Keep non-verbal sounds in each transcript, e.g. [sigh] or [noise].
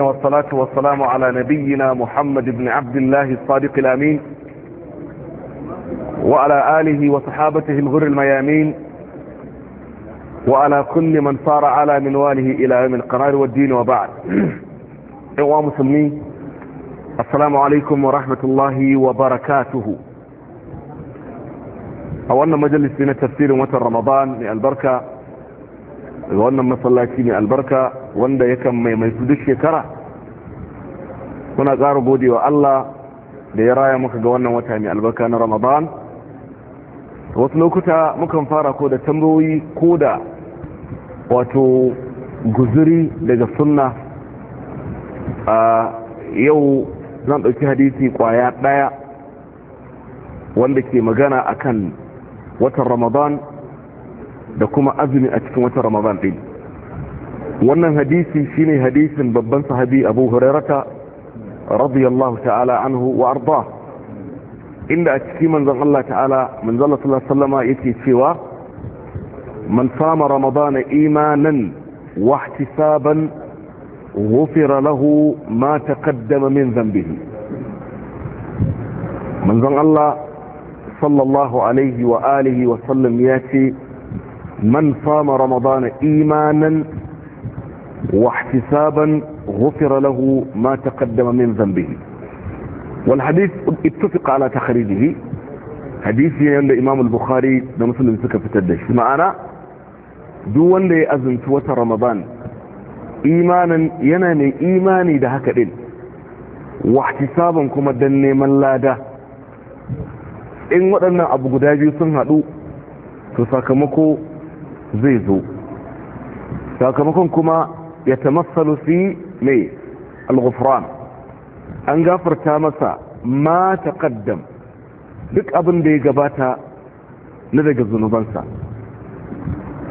والصلاة والسلام على نبينا محمد بن عبد الله الصادق الأمين وعلى آله وصحابته الغر الميامين وعلى كل من صار على منواله إلى من القرار والدين وبعد [clears throat] إخوة مسلمين السلام عليكم ورحمة الله وبركاته أولنا مجلس من التفسير ومتى رمضان البركة wannan masallaci ne albarka wanda yakan su duk shekara kuna ƙara wa Allah da ya raya muka ga wannan wata mai albarka na ramadan wasu lokuta mukan fara ko da tambayoyi ko da wato guzuri daga sunna a yau zan ɗauki hadisi kwaya ɗaya wanda ke magana akan watan ramadan da kuma azumi a cikin watan ramadan din wannan hadisi shine hadisin babban sahabi abu hurairata radiyallahu ta'ala anhu wa arda inda a cikin manzon Allah ta'ala manzon Allah sallallahu alaihi wasallam yake cewa man sama ramadan imanan wa ihtisaban ghufira lahu ma taqaddama min dhanbihi manzon Allah sallallahu alaihi wa alihi wa sallam yake man صام رمضان imanan واحتسابا غفر له ما تقدم من ذنبه والحديث اتفق على تخريجه hadisi ne wanda imamul bukhari da musulun suka fitar da shi ma'ana duk wanda ya azunci wata ramadan imanin yana mai imani da haka din wahtisaban kuma dan neman lada in waɗannan abu guda biyu sun haɗu to sakamako zai zo sakamakon kuma ya tamassalu fi mai al-ghufran an gafarta masa ma taqaddam duk abin da ya gabata na daga zunubansa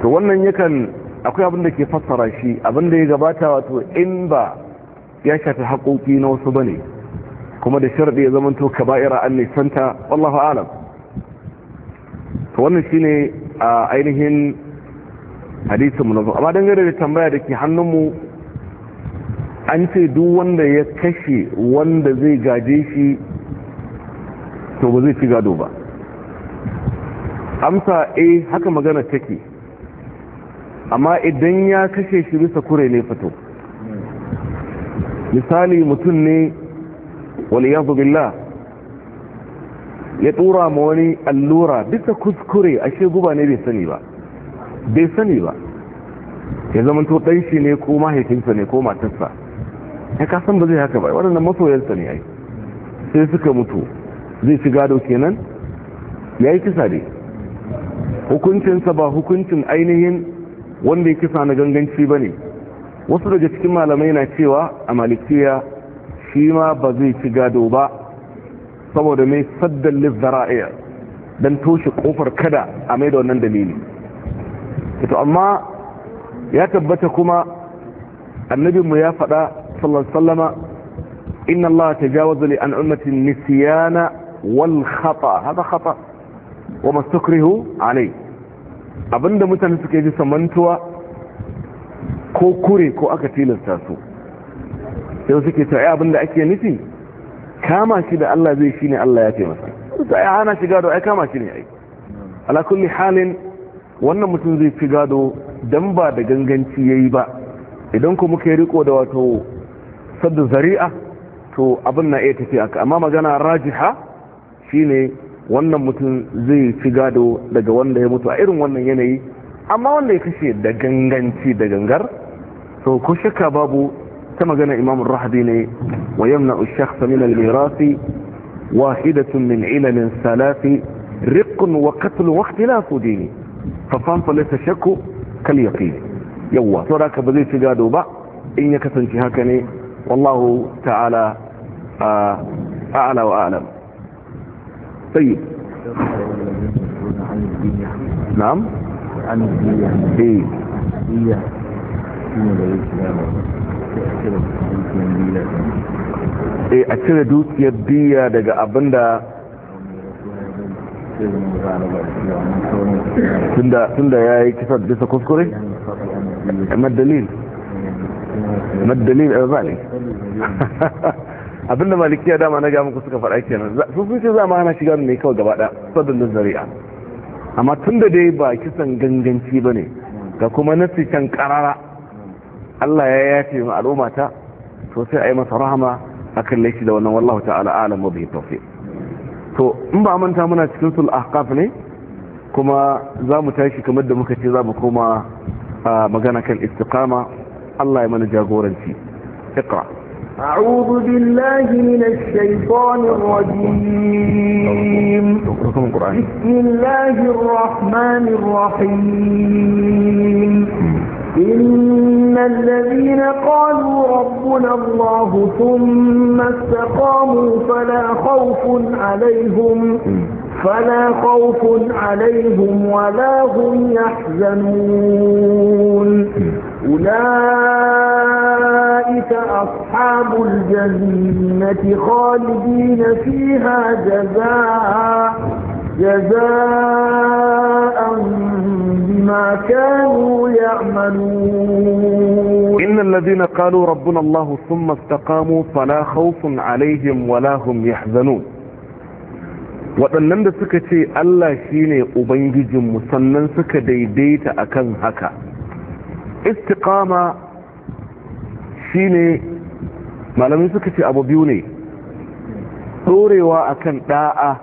to wannan yakan akwai abin da ke fassara shi abin da ya gabata wato in ba ya shafi haƙoƙi na wasu bane kuma da sharɗi ya zamanto kaba'ira an nisanta wallahu alam to wannan shine a ainihin hadisin mu na zo amma dangane da tambaya da ke hannunmu an ce duk wanda ya kashe wanda zai gaje shi to ba zai ci gado ba amsa e haka magana take amma idan ya kashe shi bisa kure ne fito misali mutum ne waliyadu billah ya tura ma wani allura bisa kuskure ashe guba ne bai sani ba bai sani ba ya zama to ɗan shi ne ko mahaifinsa ne ko matarsa ya kasan ba zai haka ba waɗannan masoyarsa ne ai sai suka mutu zai ci gado kenan ya yi kisa ne hukuncinsa ba hukuncin ainihin wanda ya kisa na ganganci ba ne wasu daga cikin malamai na cewa a malikiya shi ma ba zai ci gado ba saboda mai saddan lizzara'iya don toshe kofar kada a mai da wannan dalili to amma ya tabbata kuma annabinmu ya faɗa sallallahu sallama inna Allah tajawaza li an ummatin nisyana wal khata hada khata wa mastukrihu alai abinda mutane suke ji samantuwa ko kure ko aka tilasta su sai suke ta abinda ake nufi kama shi da Allah zai shine Allah ya ce masa sai ana shiga da ai kama shi ne ai ala kulli halin wannan mutum zai fi gado dan ba da ganganci yayi ba idan ku muka riko da wato sadda zari'a to abin na iya tafi aka amma magana rajiha shine wannan mutum zai fi gado daga wanda ya mutu a irin wannan yanayi amma wanda ya kashe da ganganci da gangar to ko shakka babu ta magana imamun rahadi ne wa yamna ushakh min al-mirasi wahidatun min ilalin salafi riqun wa qatl wa ikhtilafu dini fafan falata shakku kal yaqin yawa to da ba zai ci gado ba in ya kasance haka ne wallahu ta'ala ala wa a'lam na'am an eh. diya eh a cire dukiyar biya daga abinda tunda ya yi kisa bisa kuskure? maddalil maddalil albani eh, [laughs] abinda malikiya dama na gamu ku suka faɗa kenan sun sun ce za ma hana shiga mai kawai gaba ɗaya da zari'a amma tun da dai ba kisan ganganci ba ne ga kuma nasi can karara Allah ya yafe ma al'umma ta to a yi masa rahama a kalle shi da wannan wallahu ta'ala alam wa bihi to in ba manta muna cikin sul ahqaf ne kuma za mu tashi kamar da muka ce za mu koma ah, magana kan istiqama Allah ya mana jagoranci iqra أعوذ بالله من الشيطان الرجيم بسم الله الرحمن الرحيم إن الذين قالوا ربنا الله ثم استقاموا فلا خوف عليهم فلا خوف عليهم ولا هم يحزنون أولئك أصحاب الجنة خالدين فيها جزاء جزاء بما كانوا يعملون إن الذين قالوا ربنا الله ثم استقاموا فلا خوف عليهم ولا هم يحزنون waɗannan da suka ce Allah shi ne Ubangijinmu sannan suka daidaita akan haka istiqama shine malamai suka ce abu biyu ne dorewa akan ɗa'a,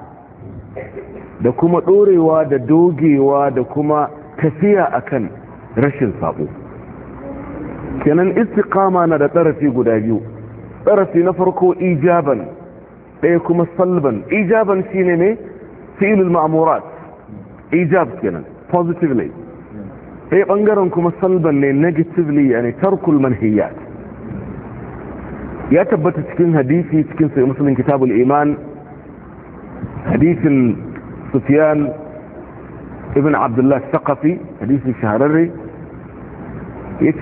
da kuma dorewa da dogewa da kuma tafiya akan rashin sabo kenan istiqama na da tsarafi guda biyu tsarafi na farko ijaban ɗaya kuma salban ijaban shine ne fi'ilul ma'murat ijab kenan positively sai bangaren kuma salban ne negatively yani tarkul manhiyat ya tabbata cikin hadisi cikin sai muslim kitabul iman hadisin sufyan ibn abdullah saqafi hadisi shahararre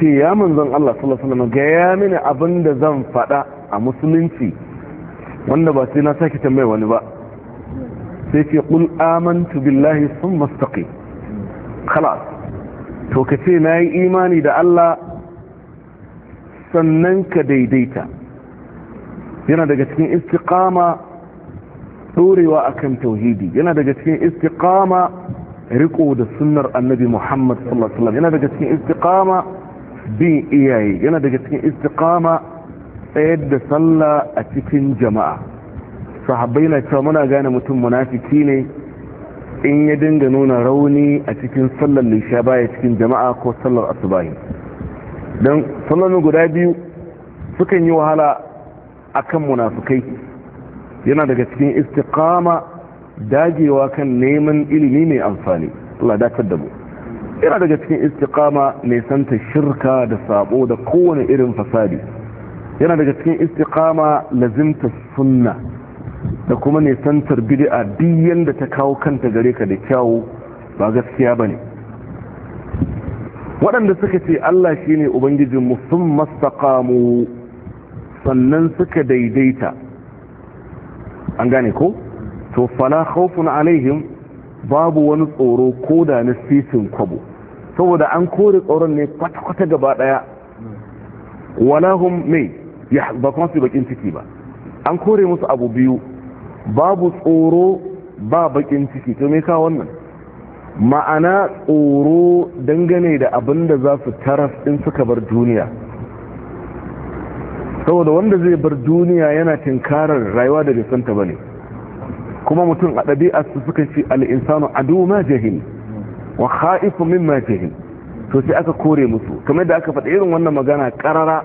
ce ya manzon Allah sallallahu alaihi wasallam ga ya mini abinda zan fada a musulunci wanda ba sai na saki tambaye wani ba sai ce qul amantu billahi thumma istaqim khalas. to ka ce na yi imani da Allah sannan ka daidaita yana daga cikin istiqama ɗorewa a kan tauhidi yana daga cikin istiqama riko da sunnar annabi muhammad sallallahu alaihi wasallam yana daga cikin istiqama bin iyaye yana daga cikin istiqama tsayar da sallah a cikin jama'a sahabbai na cewa muna gane mutum munafiki ne in ya dinga nuna rauni a cikin sallar lisha baya cikin jama'a ko sallar asubahi don sallar guda biyu sukan yi wahala akan munafukai yana daga cikin istiqama dagewa kan neman ilimi mai amfani Allah dakar da mu yana daga cikin istiqama mai santa shirka da sabo da kowane irin fasadi yana daga cikin istiqama lazimta sunna da kuma nisantar bid'a duk yanda ta kawo kanta gare ka da kyawu ba gaskiya ba ne waɗanda suka ce Allah shi shine ubangijinmu sun mu sannan suka daidaita an gane ko to fala khawfun alaihim babu wani tsoro ko da na sisin kwabo saboda an kore tsoron ne kwata-kwata gaba daya wala mai ba kuma su bakin ciki ba an kore musu abu biyu babu tsoro ba bakin ciki to me ka wannan ma'ana tsoro dangane da abin da za su taras din suka bar duniya saboda wanda zai bar duniya yana tinkarar rayuwa da bai ba bane. kuma mutum a ɗabi'arsu suka ce al'insanu adu ma jahil wa kha'ifu min ma jahil to sai aka kore musu kamar da aka faɗa irin wannan magana ƙarara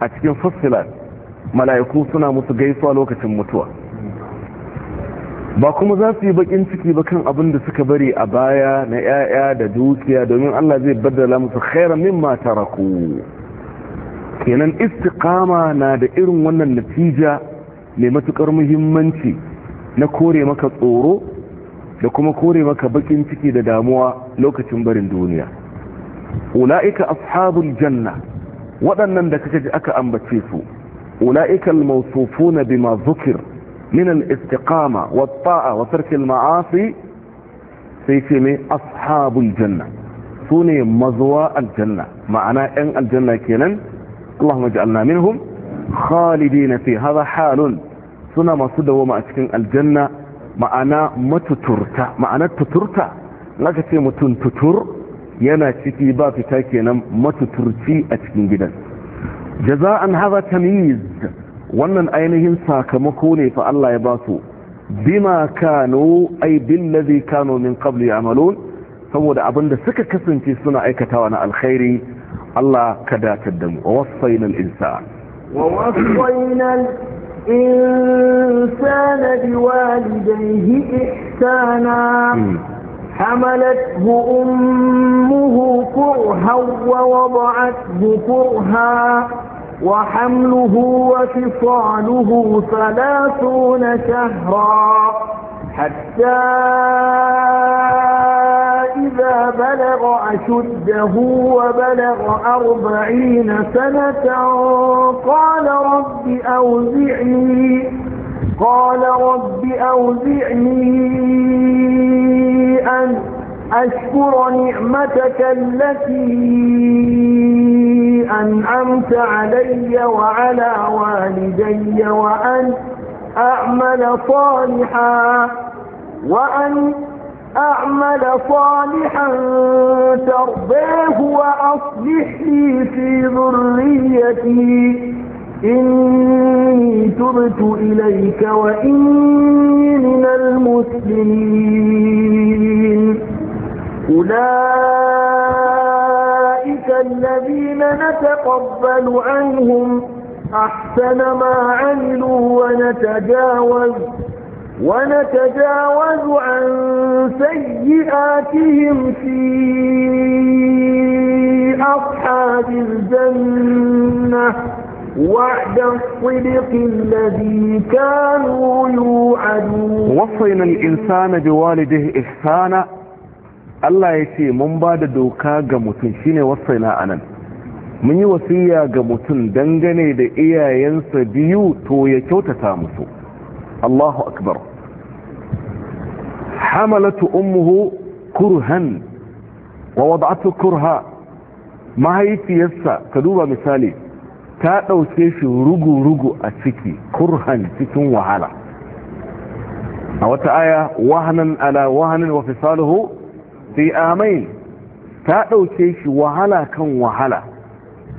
a cikin fassilar mala'iku suna musu gaisuwa lokacin mutuwa ba kuma za su yi bakin ciki ba kan abin da suka bari a baya na 'ya'ya da dukiya domin Allah zai baddala musu khairan mimma taraku kenan istiqama na da irin wannan natija mai matukar muhimmanci na kore maka tsoro da kuma kore maka bakin ciki da damuwa lokacin barin duniya ula'ika ashabul janna waɗannan da kake ji aka ambace su ula'ika al-mawsufuna bima dhukira من الاستقامة والطاعة وترك المعاصي سيكمي أصحاب الجنة سوني مزوى الجنة معنى أن الجنة كينا اللهم اجعلنا منهم خالدين في هذا حال سنة ما صدوا ما أتكين الجنة معنى ما تترتا معنى تترتا لك تيمتون تتر yana ciki ba fita kenan matuturci a cikin gidan jaza'an haza tamyiz wannan ainihin sakamako ne fa Allah ya ba su bima kanu ay billazi kanu min qabli ya'malun saboda abinda suka kasance suna aikatawa na alkhairi Allah ka datar da mu wasaina al-insan wa wasaina الإنسان بوالديه ihsana حملته أمه كرها ووضعته كرها وحمله وفصاله ثلاثون شهرا حتى إذا بلغ أشده وبلغ أربعين سنة قال رب أوزعني قال رب أوزعني أن أشكر نعمتك التي أنعمت علي وعلى والدي وأن أعمل صالحا وأن أعمل صالحا ترضيه وأصلح لي في ذريتي إني تبت إليك وإني من المسلمين أولئك أولئك الذين نتقبل عنهم أحسن ما عملوا ونتجاوز ونتجاوز عن سيئاتهم في أصحاب الجنة وعد الصدق الذي كانوا يوعدون وصينا الإنسان بوالده إحسانا Allah ya ce mun ba da doka ga mutum shine wasaina anan mun yi wasiya ga mutum dangane da iyayensa biyu to ya kyautata musu Allahu akbar hamalatu ummuhu kurhan wa wada'atu kurha mahaifiyarsa ka duba misali ta ɗauke shi rugurugu a ciki kurhan cikin wahala a wata aya wahanan ala wahanan wa fisaluhu fi amain ta ɗauke shi wahala kan wahala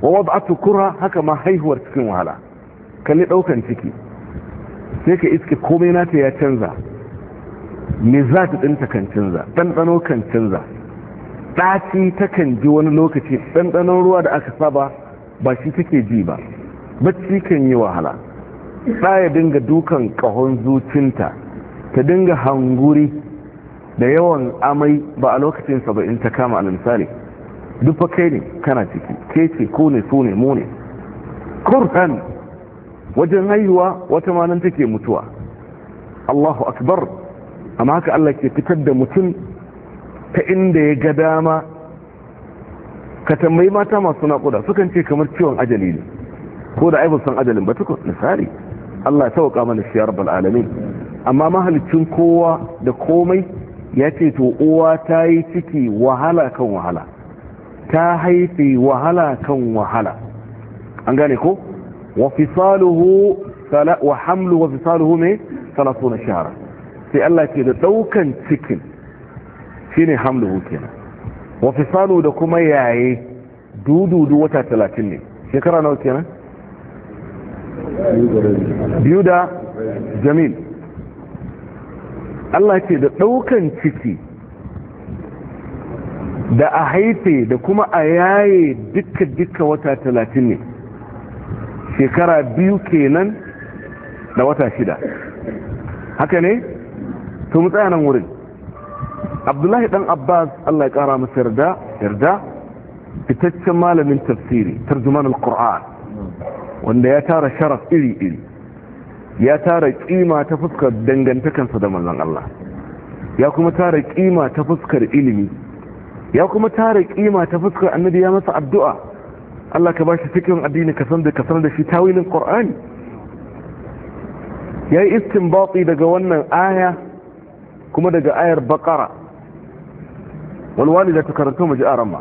wa wadatu kura haka ma haihuwar cikin wahala kalli ɗaukan ciki sai ka iske komai nata ya canza ta ɗinta kan canza ɗanɗano kan canza ɗaci ta kan ji wani lokaci ɗanɗanon ruwa da aka saba ba shi take ji ba bacci kan yi wahala ɗaya dinga dukan ƙahon zucinta ta dinga hanguri da yawan amai ba a lokacin sa ba in ta kama a misali duk fa kai ne kana ciki ke ce ko ne so ne mu ne kurhan wajen haihuwa wata nan take mutuwa Allahu akbar amma haka Allah ke fitar da mutum ta inda ya ga dama ka tambayi mata masu naƙuda sukan ce kamar ciwon ajali ne ko da aibu san ajalin ba tukun misali Allah ya sauka mana shi ya rabbal alamin amma mahalicin kowa da komai ya ce to uwa ta yi ciki wahala kan wahala ta haifi wahala kan wahala an gane ko wa fisaluhu wa hamlu wa fisaluhu ne salatu na shahara sai Allah ke da daukan cikin shine hamluhu kenan wa fisalu da kuma yaye dududu wata talatin ne shekara nawa kenan biyu da jamil Allah ce da ɗaukan ciki da a haife da kuma a yaye duka-duka wata talatin ne shekara biyu kenan da wata shida haka ne tun tsayanan wurin abdullahi dan abbas allah ya kara masa yarda yarda fitaccen malamin tafsiri tarjuman al-qur'an wanda ya tara sharaf iri-iri ya tara kima ta fuskar dangantakansa da manzon Allah ya kuma tara kima ta fuskar ilimi ya kuma tara kima ta fuskar annabi ya masa addu'a Allah ka bashi cikin addini ka san da ka san da shi tawilin Qur'ani yayi istinbati daga wannan aya kuma daga ayar Baqara والوالدات كررتهم جاء رمى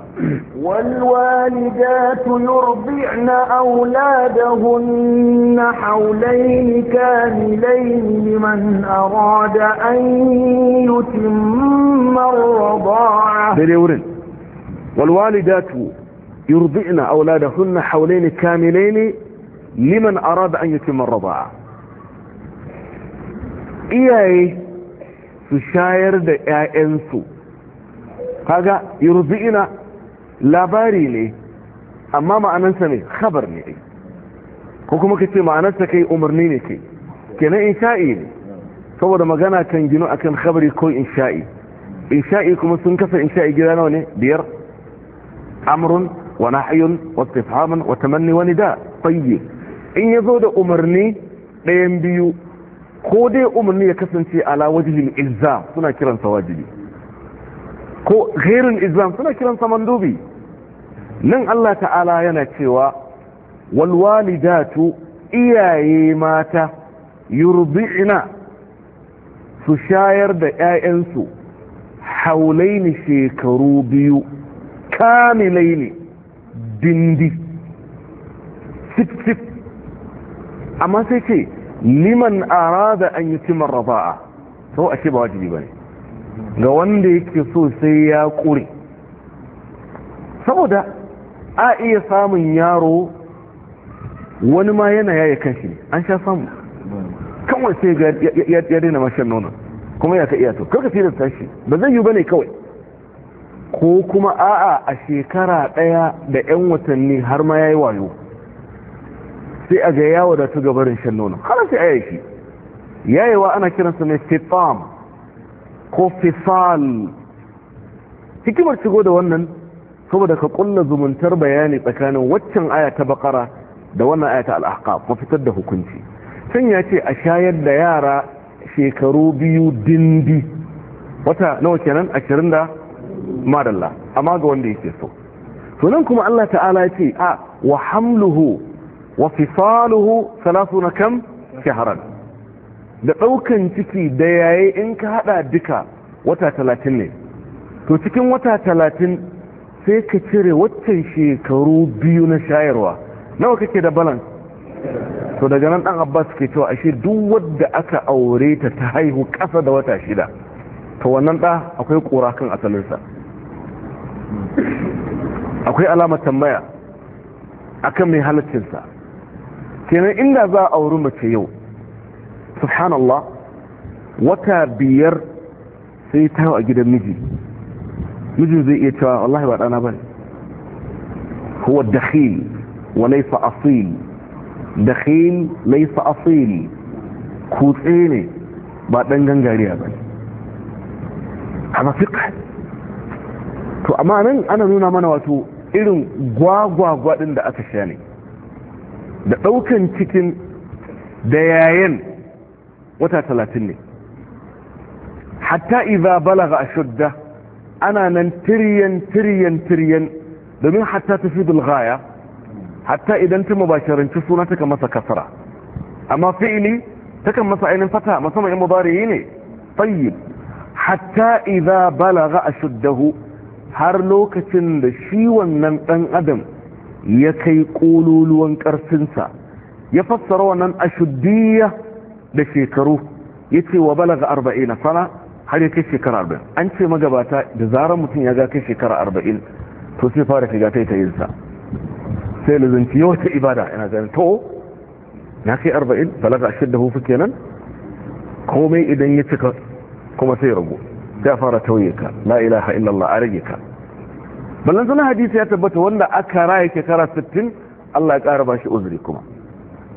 والوالدات يرضعن أولادهن حولين كاملين لمن أراد أن يتم الرضاعة والوالدات يرضعن أولادهن حولين كاملين لمن اراد ان يتم الرضاعه iyaye su shayar da ƴaƴansu kaga yurzi'ina labari ne amma ma'anansa ne khabar ne ko kuma kace ma'anarsa kai umarni ne kai kenan insha'i ne saboda magana kan gino akan khabari ko insha'i insha'i kuma sun kasa insha'i gida nawa ne biyar amrun wa nahyun wa istifhamun wa tamanni wa nida tayyib in yazo da umarni ɗayan biyu ko dai umarni ya kasance ala wajibin ilza suna kiransa wajibi ko ghairul islam suna kiransa mandubi nan Allah ta'ala yana cewa walwalidatu iyaye mata yurbi'na su shayar da 'ya'yansu haulaini shekaru biyu ne dindi sif-sif amma sai ce liman arada an yi cimar raba'a sau a ce ba wajibi ba ne ga wanda yake so sai ya ƙure saboda a iya samun yaro wani ma yana yaya kanshi ne an sha samu kawai sai ga ya daina mashin nuna kuma ya ta iya to fiye da shi ba zai yi ba ne kawai ko kuma a'a a shekara ɗaya da 'yan watanni har ma ya yi wayo sai a ga yawo da ta gabarin shan nuna har sai a yaki yayewa ana kiransa ne fitam ko fisal hikimar shigo da wannan saboda ka kulla zumuntar bayani tsakanin waccan aya ta bakara da wannan aya ta al'ahqaf ko fitar da hukunci can ya ce a shayar da yara shekaru biyu dindi wata nawa kenan ashirin da madalla amma ga wanda yake so sunan kuma Allah ta'ala ya ce a wa hamluhu wa fisaluhu na kam shahran da ɗaukan ciki da yayi in ka haɗa duka wata talatin ne to cikin wata talatin sai ka cire waccan shekaru biyu na shayarwa nawa kake da balance to daga nan ɗan abbas ke cewa ashe duk wadda aka aure ta ta haihu ƙasa da wata shida to wannan da akwai kura kan asalinsa akwai alamar tambaya akan mai halaccinsa kenan inda za a auri mace yau subhanallah wata biyar sai ta a gidan miji mijin zai iya cewa wallahi ba dana bane huwa dakhil wa laysa asil dakhil laysa asil kutse ne ba dan gangariya bane haka fiqh to amma nan ana nuna mana wato irin gwagwagwa ɗin da aka sha ne da daukan cikin da yayin wata talatin ne hatta iza balaga a shudda ana nan tiryan tiryan tiryan domin hatta ta fi dulgaya hatta idan ta mubasharanci suna ta masa kasara amma fi'ili ta masa ainihin fata musamman yan mubariyi ne tayyib hatta idza balaga ashuddahu har lokacin da shi wannan dan adam ya kai kululuwan karfinsa ya fassara wannan ashuddiyya da shekaru ya ce wa balaga arba'in na sana har ya kai shekara arba'in an ce magabata da zarar mutum ya ga kai shekara arba'in to sai fara shiga ta yi ta yinsa sai lazanci yau ta ibada yana ganin to na kai arba'in balaga ashirin da hufu kenan komai idan ya cika kuma sai ragu sai fara tauye ka la ilaha illallah a rage ka ballan sanar hadisi ya tabbata wanda aka raya shekara 60 Allah ya ƙara ba shi uzuri kuma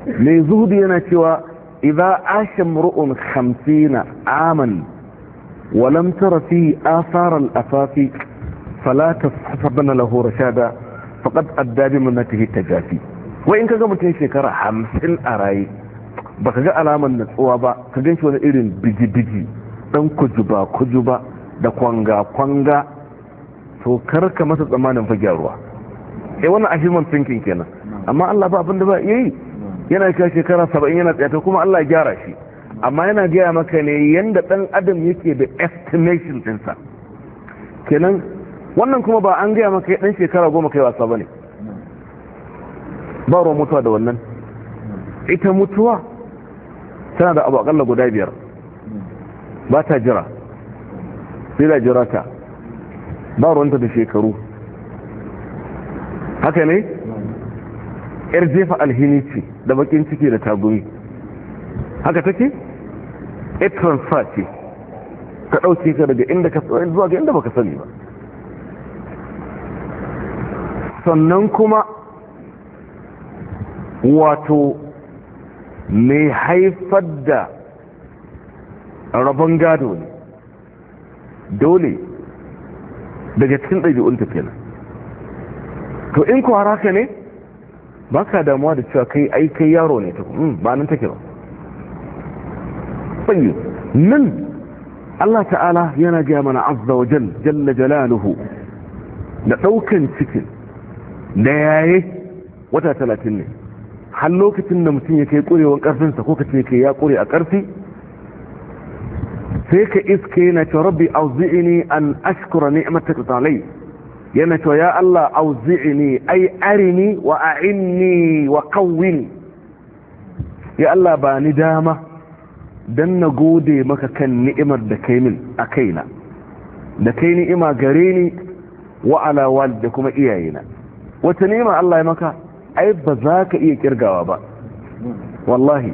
mai zuhudu yana cewa idza a mar'un 50 aman wa lam tara fi athar al-afafi fala tasabana lahu rashada faqad adda bi manatihi tajafi wai in kaga mutum shekara 50 a raye baka ga alaman natsuwa ba ka ganshi wani irin biji-biji dan kujuba kujuba da kwanga kwanga to karka masa tsamanin fa gyaruwa eh wannan achievement kenan amma Allah ba abin da ba yi. yana kai shekara saba'in yana ta kuma Allah ya gyara shi amma yana gaya maka ne yadda ɗan adam yake da estimation ɗinsa kenan wannan kuma ba an gaya maka ɗan shekara goma kai wasa bane ba ruwan mutuwa da wannan ita mutuwa tana da abu akalla guda biyar ba ta jira sai da jira ta ba ruwanta da shekaru haka ne yar jefa alhini ce da bakin ciki da tagumi haka take a transfer ce ka ɗauke ka daga inda ka tsoron zuwa ga inda baka sani ba sannan kuma wato mai haifar da rabon gado ne dole daga cikin ɗabi'un tafiya to in kuwa haka ne ba ka damuwa da cewa kai aikai yaro ne hmm, ba nan take ba nan Allah ta'ala yana gaya mana azza wa jal jalla jalaluhu da ɗaukan cikin da yaye wata talatin ne har lokacin da mutum ya kai ƙurewan ƙarfinsa ko kace yake ya ƙure a ƙarfi sai ka iske yana ce rabbi auzi'ini an ashkura mata alayya yana ya Allah auzi'ni ai arini wa a'inni wa qawwini ya Allah ba ni dama dan na gode maka kan ni'imar da kai min a kaina da kai ni'ima gare ni wa ala walida kuma iyayena wata ni'ima Allah ya maka ai ba za ka iya kirgawa ba wallahi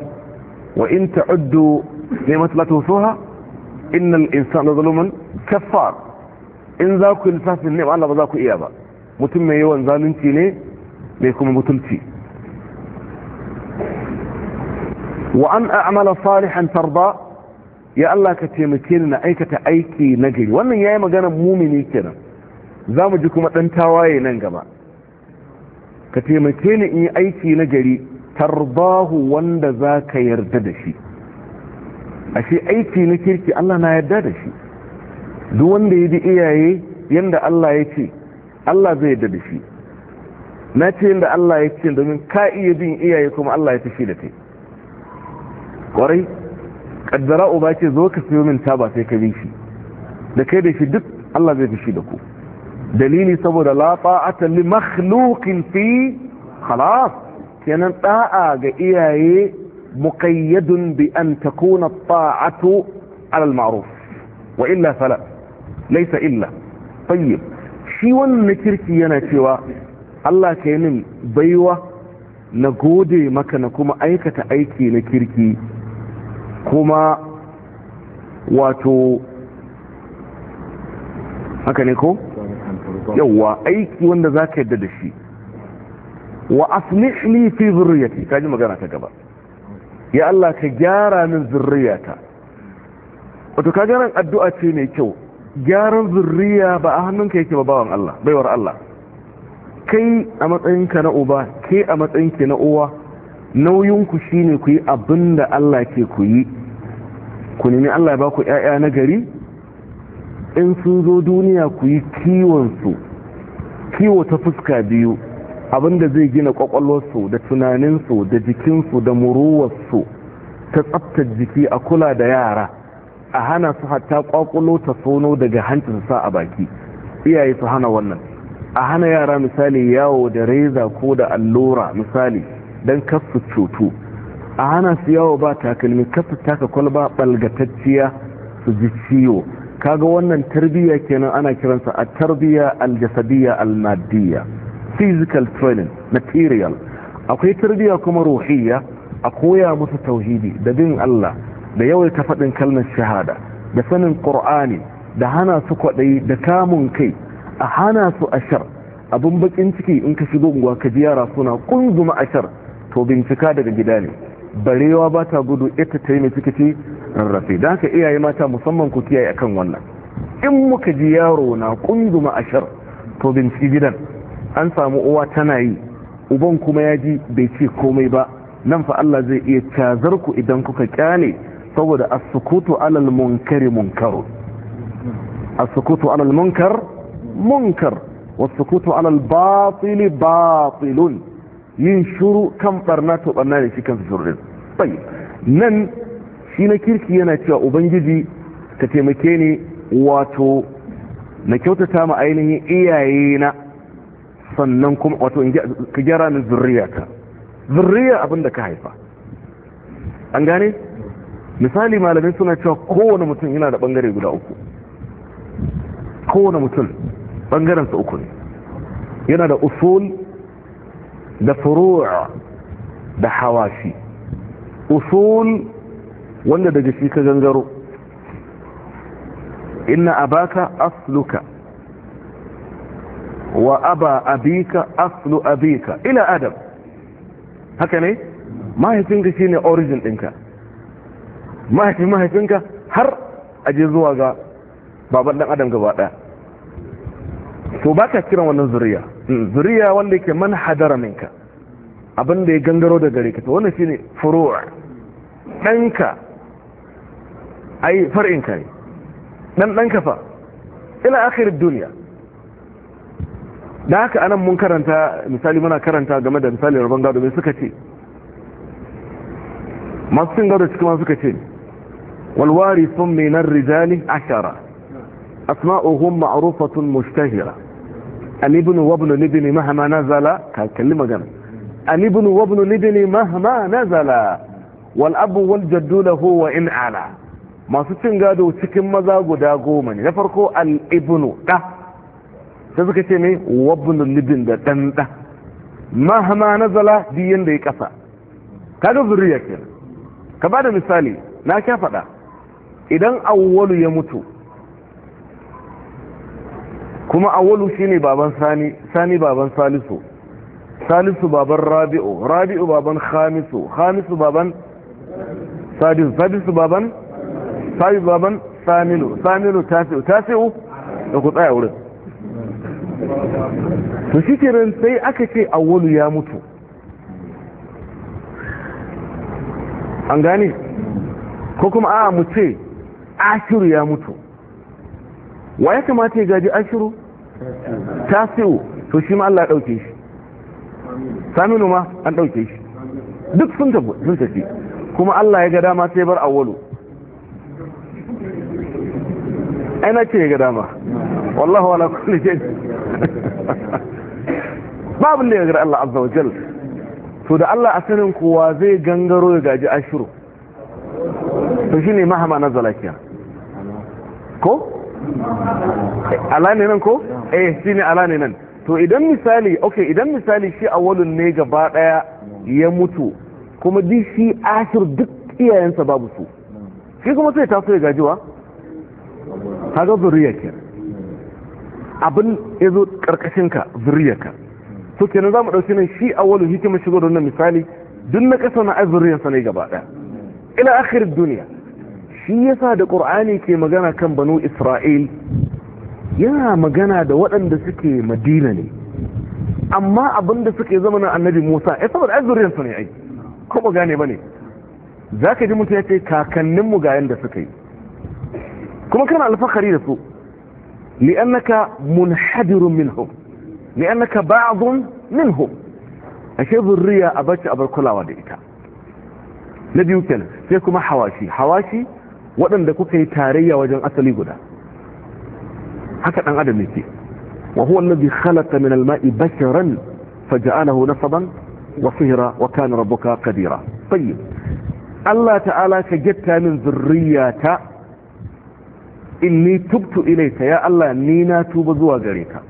wa in ta'uddu ni'mat la tuhsuha innal insana zaluman kaffar in za ku yi lissafin ne Allah ba za ku iya ba mutum mai yawan zalunci ne mai kuma mutunci wa an a'mala salihan tarda ya Allah ka taimake ni na aikata aiki na gari wannan yayi magana mumini kenan za mu ji kuma dan tawaye nan gaba ka taimake ni in yi aiki na gari tarbahu wanda za ka yarda da shi ashe aiki na kirki Allah na yarda da shi duk wanda ya ji iyaye yadda Allah ya ce Allah zai da shi na ce yanda Allah ya ce domin ka iya bin iyaye kuma Allah ya ta shi da kaddara uba ce zo ka siyo min taba sai ka bi shi da kai da shi duk Allah zai ta shi da ku dalili saboda la ta'ata li makhluqin fi khalas kenan da'a ga iyaye muqayyadun bi an takuna ta'atu ala al-ma'ruf wa illa fala laisa illa tayyib shi wannan na kirki yana cewa Allah ka yi min baiwa na gode maka na kuma aikata aiki na kirki kuma wato haka ne ko? yawwa aiki wanda za ka yadda da shi wa asli'li fi zurriyati ka ji magana ta gaba ya Allah ka gyara min zurriyata wato ka ganin addu'a ce mai kyau gyaran zurriya ba a hannunka yake ba bawan Allah baiwar Allah kai a matsayinka na uba ke a matsayin matsayinki na uwa nauyinku shine ku yi abin da Allah ke ku yi ku nemi Allah ya ba ku ‘ya'ya na gari in sun zo duniya ku yi su? kiwo ta fuska biyu abin da zai gina kwakwalwarsu da tunaninsu da jikinsu da muruwarsu ta tsaftar jiki a kula da yara a hana su hatta kwakwalo ta sono daga hancin sa a baki iyaye su hana wannan a hana yara misali yawo da reza ko da allura misali don kasu cutu a hana su yawo ba takalmi kasu taka kwalba balgatacciya su ji ciwo kaga wannan tarbiyya kenan ana kiransa a tarbiyya aljasadiyya almadiyya physical training material akwai tarbiyya kuma ruhiyya a koya musu tauhidi da bin Allah da yawaita faɗin kalmar shahada da sanin ƙur'ani da hana su kwaɗayi da kamun kai a hana su ashar abin bakin ciki in ka shigo unguwa ka ji yara suna ƙunzuma ashar to bincika daga gida ne barewa ba ta gudu ita ta yi mai ciki rarrafe da haka iyaye mata musamman ku kiyaye akan wannan in muka ji yaro na kunzuma ashar to binciki gidan an samu uwa tana yi uban kuma ya ji bai ce komai ba nan fa Allah zai iya cazar ku idan kuka kyale saboda a sukutu alal munkari munkaru a sukutu alal munkar munkar wa sukutu alal batili batilun yin shuru kan barna to barna ne shi kansa shuru din nan shi na kirki yana cewa ubangiji ka taimake ni wato na kyautata ma ainihin iyayena sannan kuma wato ka gyara ni zurriyata zurriya da ka haifa an gane misali malamai suna cewa kowane mutum yana da bangare guda uku kowane mutum bangarensa uku ne yana da usul da furu'a da hawashi usul wanda daga shi ka gangaro inna abaka asluka wa aba abika aslu abika ila adam haka ne mahaifinka shine origin ɗinka mahaifin mahaifinka har aje zuwa ga baban dan adam gaba daya to baka kiran wannan zuriya mm, zuriya wanda yake man hadara minka abin da ya gangaro da gare ka to wannan shine furu' danka ai ka ne dan danka fa ila akhirid duniya da haka anan mun karanta misali muna karanta game da misali rabon gado mai suka ce masu cin gado cikin suka ce والوارث من الرجال عشرة أسماؤهم معروفة مشتهرة الابن وابن الابن مهما نزل كلمة جمع الابن وابن الابن مهما نزل والأب والجد له وإن أعلى masu cin gado cikin maza guda goma ne na farko al'ibinu ɗa sai suka ce ne wabinin libin da ɗan ɗa mahama na zala biyan da ya ƙasa kaga zuriya ke ka ba da misali na sha faɗa idan awwalu ya mutu kuma awwalu shine baban sani sani baban salisu salisu baban rabi'u rabi'u baban khamisu khamisu baban sadisu sadisu baban sai baban saminu saminu tasi'u tasi'u da ku tsaya wurin to shi kiran sai aka ce awwalu ya mutu an gane ko kuma a mu ce ashiru ya mutu wa ya kamata ya gaji ashiru tasiru to shi ma Allah ya ɗauke shi saminu ma an ɗauke shi duk sun tafi kuma Allah ya ga dama sai bar awwalu aina ce ya ga dama wallahu wala kulli shay babu ne ga Allah azza wa jal to da Allah asirin kowa zai gangaro ya gaji ashiru to shine mahama na zalakiya ko alani ne nan ko eh shi ne ne nan to idan misali okay idan misali shi awalun ne gaba daya ya mutu kuma di shi ashir duk iyayensa babu su shi kuma sai ta so ya gajiwa haga zuriya ke abin ya zo karkashinka zuriya ka to kenan za mu ɗauki nan shi awalun hikimar shigo don wannan misali duk na ƙasa na azuriyarsa ne gaba daya ila akhirin duniya shi yasa da ƙur'ani ke magana kan banu isra'il yana magana da waɗanda suke madina ne amma abinda suke zama na annabi musa ya saboda azuriyarsu ne ai kuma gane ba ne za ka ji mutum ya ce kakanninmu ga yadda suka yi kuma kana alfahari da su li'annaka munhadirun minhum li'annaka ba'dun minhum ashe a bacci abar kulawa da ita na biyu kenan sai kuma hawashi hawashi waɗanda kuka yi tarayya wajen asali guda haka ɗan adam yake wa huwa allazi khalaqa min al-ma'i basharan faja'alahu nasaban wa sihra wa kana rabbuka qadira tayyib Allah ta'ala ka getta min zurriyata inni tubtu ilayka ya Allah ni na tuba zuwa gare ka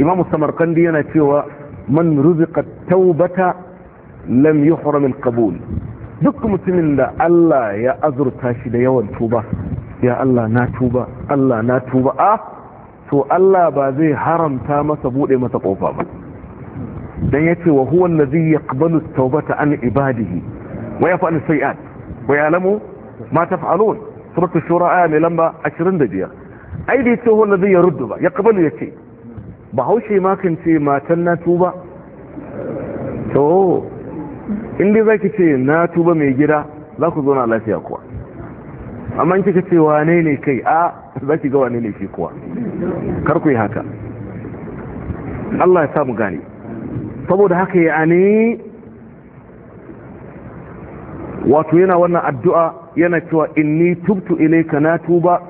Imam Samarkandi yana cewa man ruziqa tawbata lam yuhram al-qabul duk mutumin da Allah ya azurta shi da yawan tuba ya Allah na tuba Allah na tuba a to Allah ba zai haramta masa bude masa kofa ba dan yace wa huwa allazi yaqbalu at-taubata an ibadihi wa yaf'alu sayi'at wa ya'lamu ma taf'alun suratul shura aya mai lamba 25 ai dai to huwa allazi yaruddu ba yaqbalu yace ba haushe ma kan ce matan na tuba to inda za ki ce na tuba mai gida za ku zauna lafiya kuwa amma in kika ce wane ne kai a za ki ga wane ne shi kuwa kar ku yi haka Allah ya samu gane saboda haka ya ne wato yana wannan addu'a yana cewa inni tubtu ka na tuba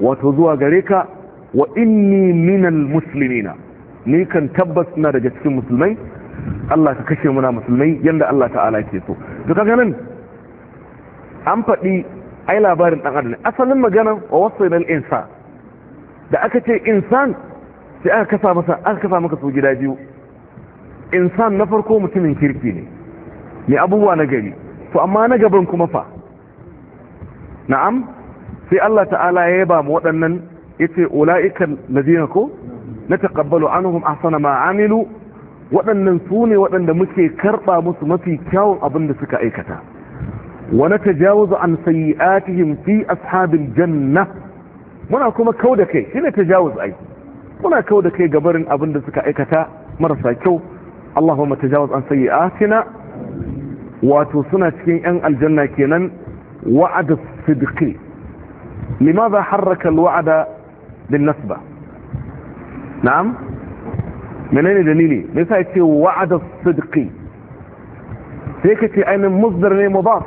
wato zuwa gare ka wa inni minal muslimina ni kan tabbas na daga cikin musulmai Allah ka kashe muna musulmai yadda Allah ta'ala ke so to kaga nan an faɗi ai labarin dan adam asalin maganan wa wasailal insa da aka ce insan sai aka kasa masa aka kasa maka su gida biyu insan na farko mutumin kirki ne mai abubuwa na gari to amma na gaban kuma fa na'am sai Allah ta'ala ya yaba mu waɗannan yace ulaika ladina ko an anhum ahsana ma amilu waɗannan su ne waɗanda muke karɓa musu mafi kyawun abin da suka aikata wa natajawuzu an sayyi'atihim fi ashabil janna muna kuma kau da kai shi shine tajawuz ai muna kau da kai gabarin abin da suka aikata marasa kyau Allahumma tajawuz an sayyi'atina wato suna cikin yan aljanna kenan wa'ad as Limaza limadha harraka al-wa'da bin-nasba na'am منين دليلي ليس يتي وعد الصدق سيكتي أي من مصدر للمضاف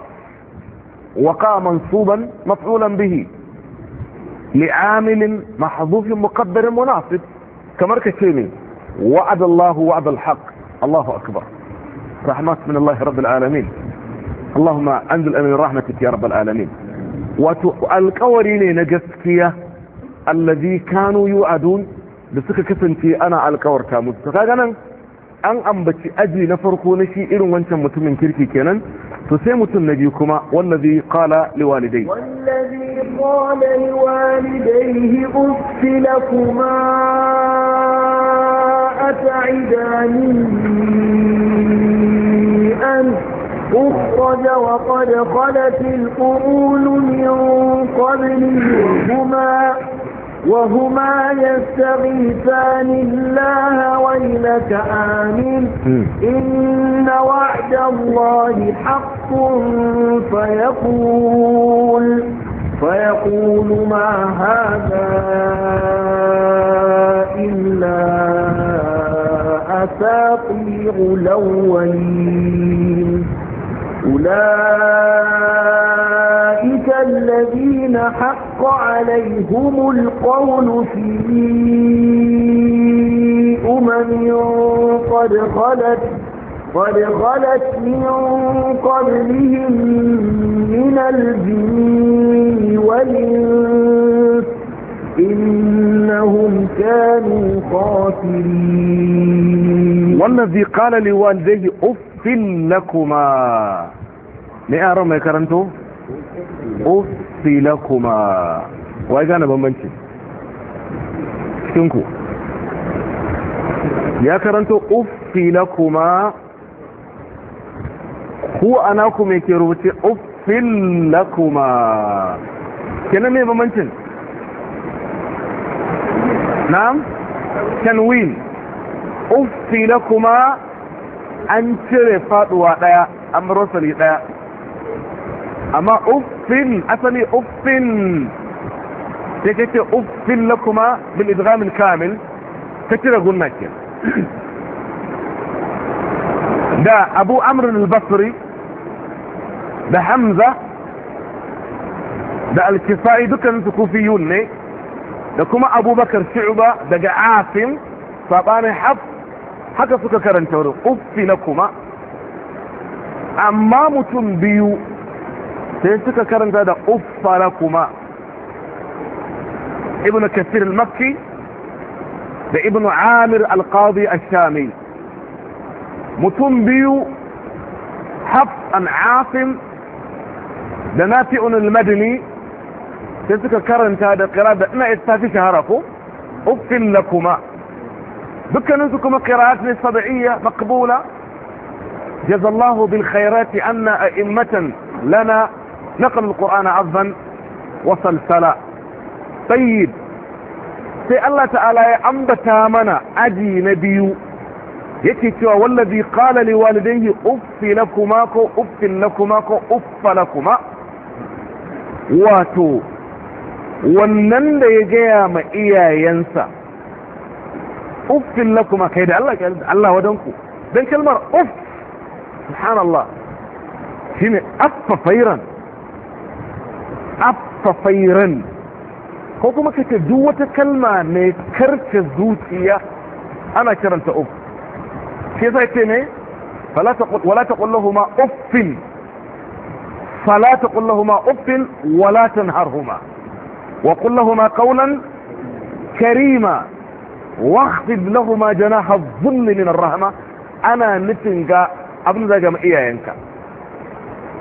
وقع منصوبا مفعولا به لعامل محظوظ مقدر مناصب كمركة تيمي وعد الله وعد الحق الله أكبر رحمات من الله رب العالمين اللهم أنزل أمين رحمتك يا رب العالمين والكورين نجسكية الذي كانوا يؤدون da suka kasance ana alkawarta musu kaga nan an ambaci aji na farko na shi irin wancan mutumin kirki kenan to sai mutum na biyu kuma wallazi qala liwalidai wallazi qala liwalidayhi uff at'idani an أخرج وقد خلت القرون من قبلهما وهما يستغيثان الله ويلك آمن إن وعد الله حق فيقول فيقول ما هذا إلا أساطير الأولين أولئك الذين الذين حق عليهم القول في أمم قد خلت قد خلت من قبلهم من الجن والإنس إنهم كانوا خاسرين والذي قال لوالديه أف لكما ما أرى ما كرنتم uffi lakuma wai gane bambanci cikinku ya karanto uffi kuma. ku ana ku mai ke rubuce uffin lakuma kenan mai bambancin na'am tanwin uffi kuma an cire faduwa daya an rosali daya amma uffin asali uffin sai kake uffin lakuma bil idghamil kamil ka cire gunna ke [clears throat] da abu amr basri da hamza da al-kifai dukkan su ne da kuma abubakar shu'ba daga asim sabanin haf haka suka karanta wurin uffi na kuma amma mutum biyu sai suka karanta da uffara kuma ibn kafir al-makki da ibn amir al-qadi al-shami mutum biyu hafs an asim da nafi'un al-madani sai suka karanta da kira da ina ita fi shahara ko uffin lakuma dukkaninsu kuma qira'at ne sab'iyya maqbula jazallahu bil khairati anna a'immatan lana نقل القرآن عظا وسلسلا طيب sai Allah ta'ala ya ambata mana aji na biyu yake cewa wallazi qala li walidayhi uffi lakuma ko uffin lakuma ko uffa lakuma wato wannan da ya gaya ma iyayensa uffin lakuma kai da Allah kai Allah wadanku dan kalmar uff subhanallah shine affa fairan affa fairan ko kuma ka ce duk wata kalma mai karce zuciya ana kiranta uf shi yasa ce ne wala ta kullahuma uffin فلا تقل لهما wa ولا تنهرهما وقل لهما قولا كريما واخفض لهما جناح الظل من الرحمه انا abin da gama iyayenka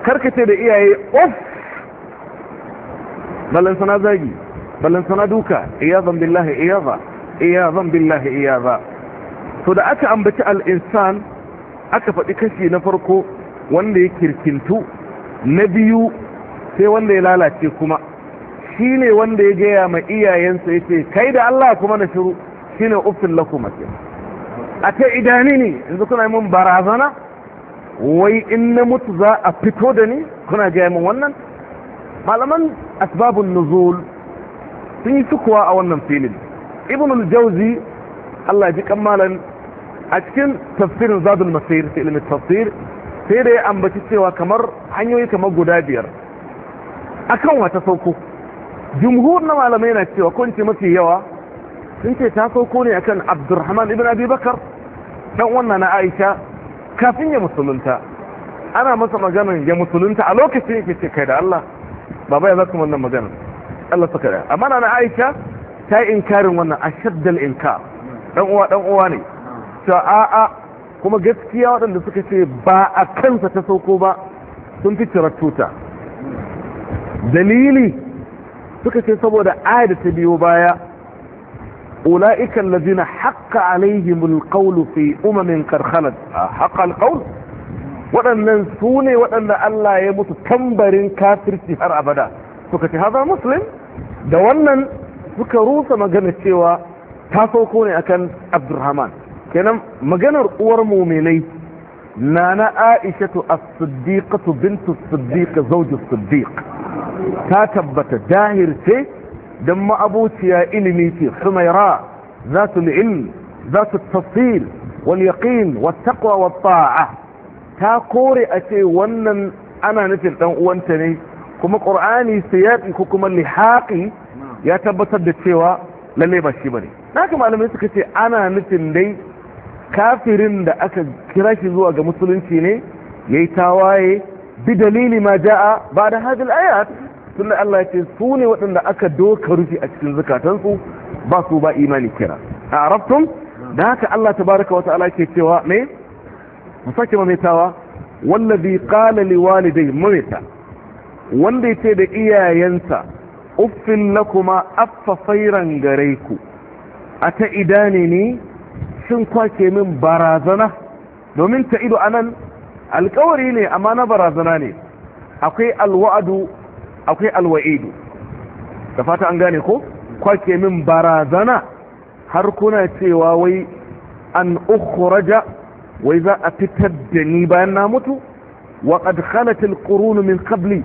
karkace da iyaye of ballan sana zagi ballan sana duka iyazan billahi iyaza iyazan billahi iyaza to da aka ambaci al'insan aka faɗi kashi na farko wanda ya kirkintu na biyu sai wanda ya lalace kuma shi ne wanda ya gaya ma iyayensa ya ce kai da Allah kuma na shiru shi ne uftin lakuma ce a ta idani ne yanzu kuna yi mun barazana wai in na mutu za a fito da ni kuna gaya min wannan malaman asbabun nuzul sun yi sukuwa a wannan filin ibn al-jawzi Allah ji kammalan a cikin tafsirin zadul masir fi ilmi tafsir sai da ya ambaci cewa kamar hanyoyi kamar guda biyar akan wata sauko jumhur na malamai na cewa ko ce mafi yawa sun ce ta sauko ne akan abdurrahman ibn abi bakar dan wannan na aisha kafin ya musulunta ana masa maganar ya musulunta a lokacin yake ce kai da Allah baba ya zaka wannan magana Allah saka da amma na Aisha ta yi inkarin wannan ashaddal inkar dan uwa dan uwa ne to a a kuma gaskiya waɗanda suka ce ba a kansa ta sauko ba sun fi tuta dalili suka ce saboda da ta biyo baya ula'ikan lazina haqqa alaihimul qawlu fi umamin karkhalat ah, haqqa alqawl waɗannan su ne waɗanda Allah ya mutu tambarin kafirci har abada suka ce haza muslim da wannan suka rusa magana cewa ta sauko ne akan abdurrahman kenan maganar uwar muminai nana aishatu as-siddiqatu bintu as-siddiq siddiq ta tabbata dahir ce don ma'abuciya ilimi ce humaira za su ilm za su tafsil wal yaqin wa taqwa ta'a ta kore a ce wannan ana nufin dan uwanta ne kuma qur'ani siyaqi ko kuma lihaqi ya tabbatar da cewa lalle ba shi bane naka malamai suka ce ana nufin dai kafirin da aka kira shi zuwa ga musulunci ne yayi tawaye bi dalili ma jaa ba da hadhihi ayat sunna Allah ce su ne waɗanda aka doka rufi a cikin zukatansu ba su ba imani kira a arabtum da haka Allah tabaraka wa ta'ala ke cewa me mu sake mamitawa wallazi qala liwalidai mamita wanda yace da iyayensa uffin lakuma affa gare ku a ta idane ne sun kwake min barazana domin ta ido anan alkawari ne amma na barazana ne akwai alwa'adu akwai alwa'idu da fata an gane ko kwake min barazana har kuna cewa wai an ukhraja wai za a fitar da ni bayan na mutu wa qad khalat min qabli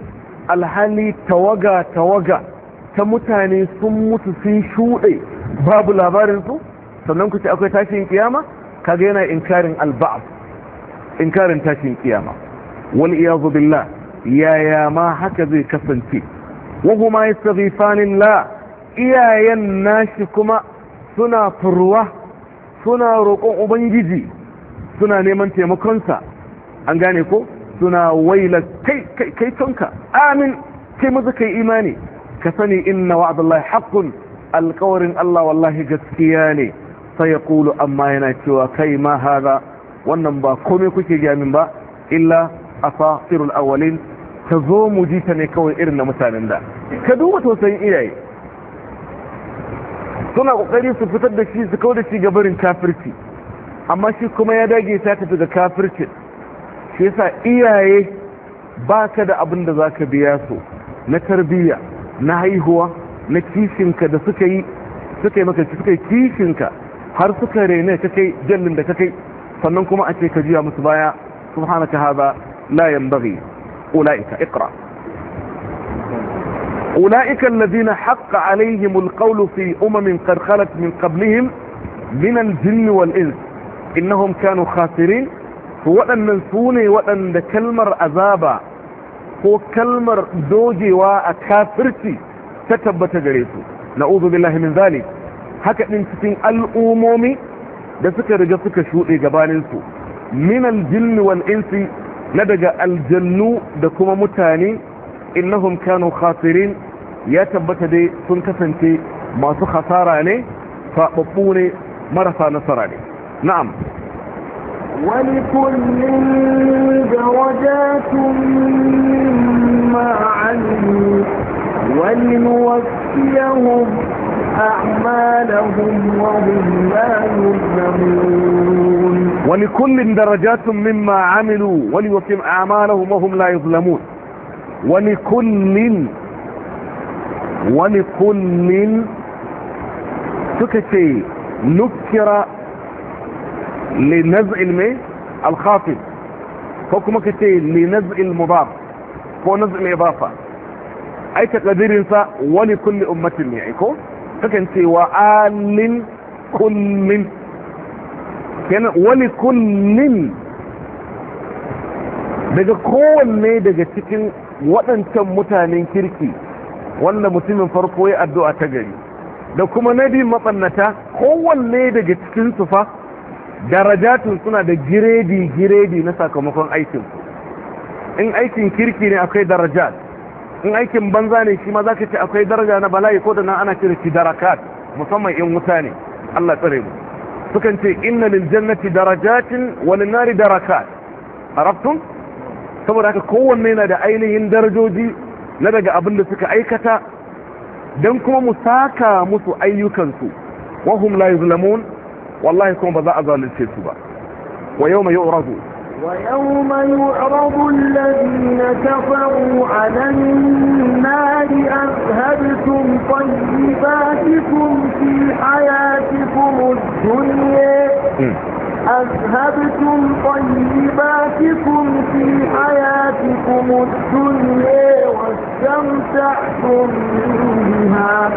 alhali tawaga tawaga ta mutane sun mutu sun shuɗe babu labarinsu? sannan ku ce akwai tashin kiyama kaga yana inkarin alba'd inkarin tashin kiyama wal iyazu billah yaya ma haka zai kasance wa huma yastaghifan la iyayen nashi kuma suna furwa suna roƙon ubangiji suna neman taimakonsa an gane ko suna waila kai kai kai tonka amin kai maza kai imani ka sani inna wa'adallahi haqqun alqawrin Allah wallahi gaskiya ne sai ya kulu amma yana cewa kai ma haza wannan ba komai kuke jamin ba illa asafirul awwalin ka zo mu ji ta ne kawai irin na mutanen da ka duba tausayin iyaye suna kokari su fitar da shi su kawo da shi gabarin kafirci amma shi kuma ya dage ta tafi ga kafircin shi yasa iyaye ba ka da abin da za ka biya su na tarbiyya na haihuwa na kishinka da suka yi suka yi maka suka yi kishinka har suka rene ka kai jallin da ka kai sannan kuma a ce ka juya musu baya subhanaka hada la yanbaghi ulaika iqra ulaika alladhina haqqa alaihim alqawlu fi umamin qad khalat min qablihim min aljinn wal innahum kanu khasirin to waɗannan su ne waɗanda kalmar azaba ko kalmar dogewa a kafirci ta tabbata gare su na'udhu billahi min zalik haka din cikin al'umomi da suka riga suka shuɗe gabanin su min aljinni wal insi na daga aljannu da kuma mutane innahum kanu khasirin ya tabbata dai sun kasance masu khasara ne faɓaɓɓu ne marasa nasara ne نعم ولكل درجات مما عملوا ولنوفيهم أعمالهم وهم لا يظلمون ولكل درجات مما عملوا وليوفيهم أعمالهم وهم لا يظلمون ولكل ولكل suka نكر لنزع mai alkhafif ko kuma ka ce linaz'il mudaf ko naz'il idafa ai takadirin sa wani kulli ummatin ne aiko kakan wani daga kowanne daga cikin waɗancan mutanen kirki wanda mutumin farko ya addu'a ta gari da kuma na biyu matsannata kowanne daga cikin sufa darajatun suna da giredi-giredi na sakamakon aikin in aikin kirki ne akwai darajat in aikin banza ne shi ma za ka ce akwai daraja na bala'i ko da nan ana cire shi darakat musamman in wuta ne Allah tsare mu sukan ce inna lil jannati darajatin wa lin nari darakat arabtum saboda haka kowanne yana da ainihin darajoji na daga abin da suka aikata dan kuma mu saka musu ayyukansu wa hum la yuzlamun والله kuma بذا za a zalunce su ba ويوم يعرض الذين كفروا على النار أذهبتم طيباتكم في حياتكم الدنيا أذهبتم طيباتكم في حياتكم الدنيا واستمتعتم بها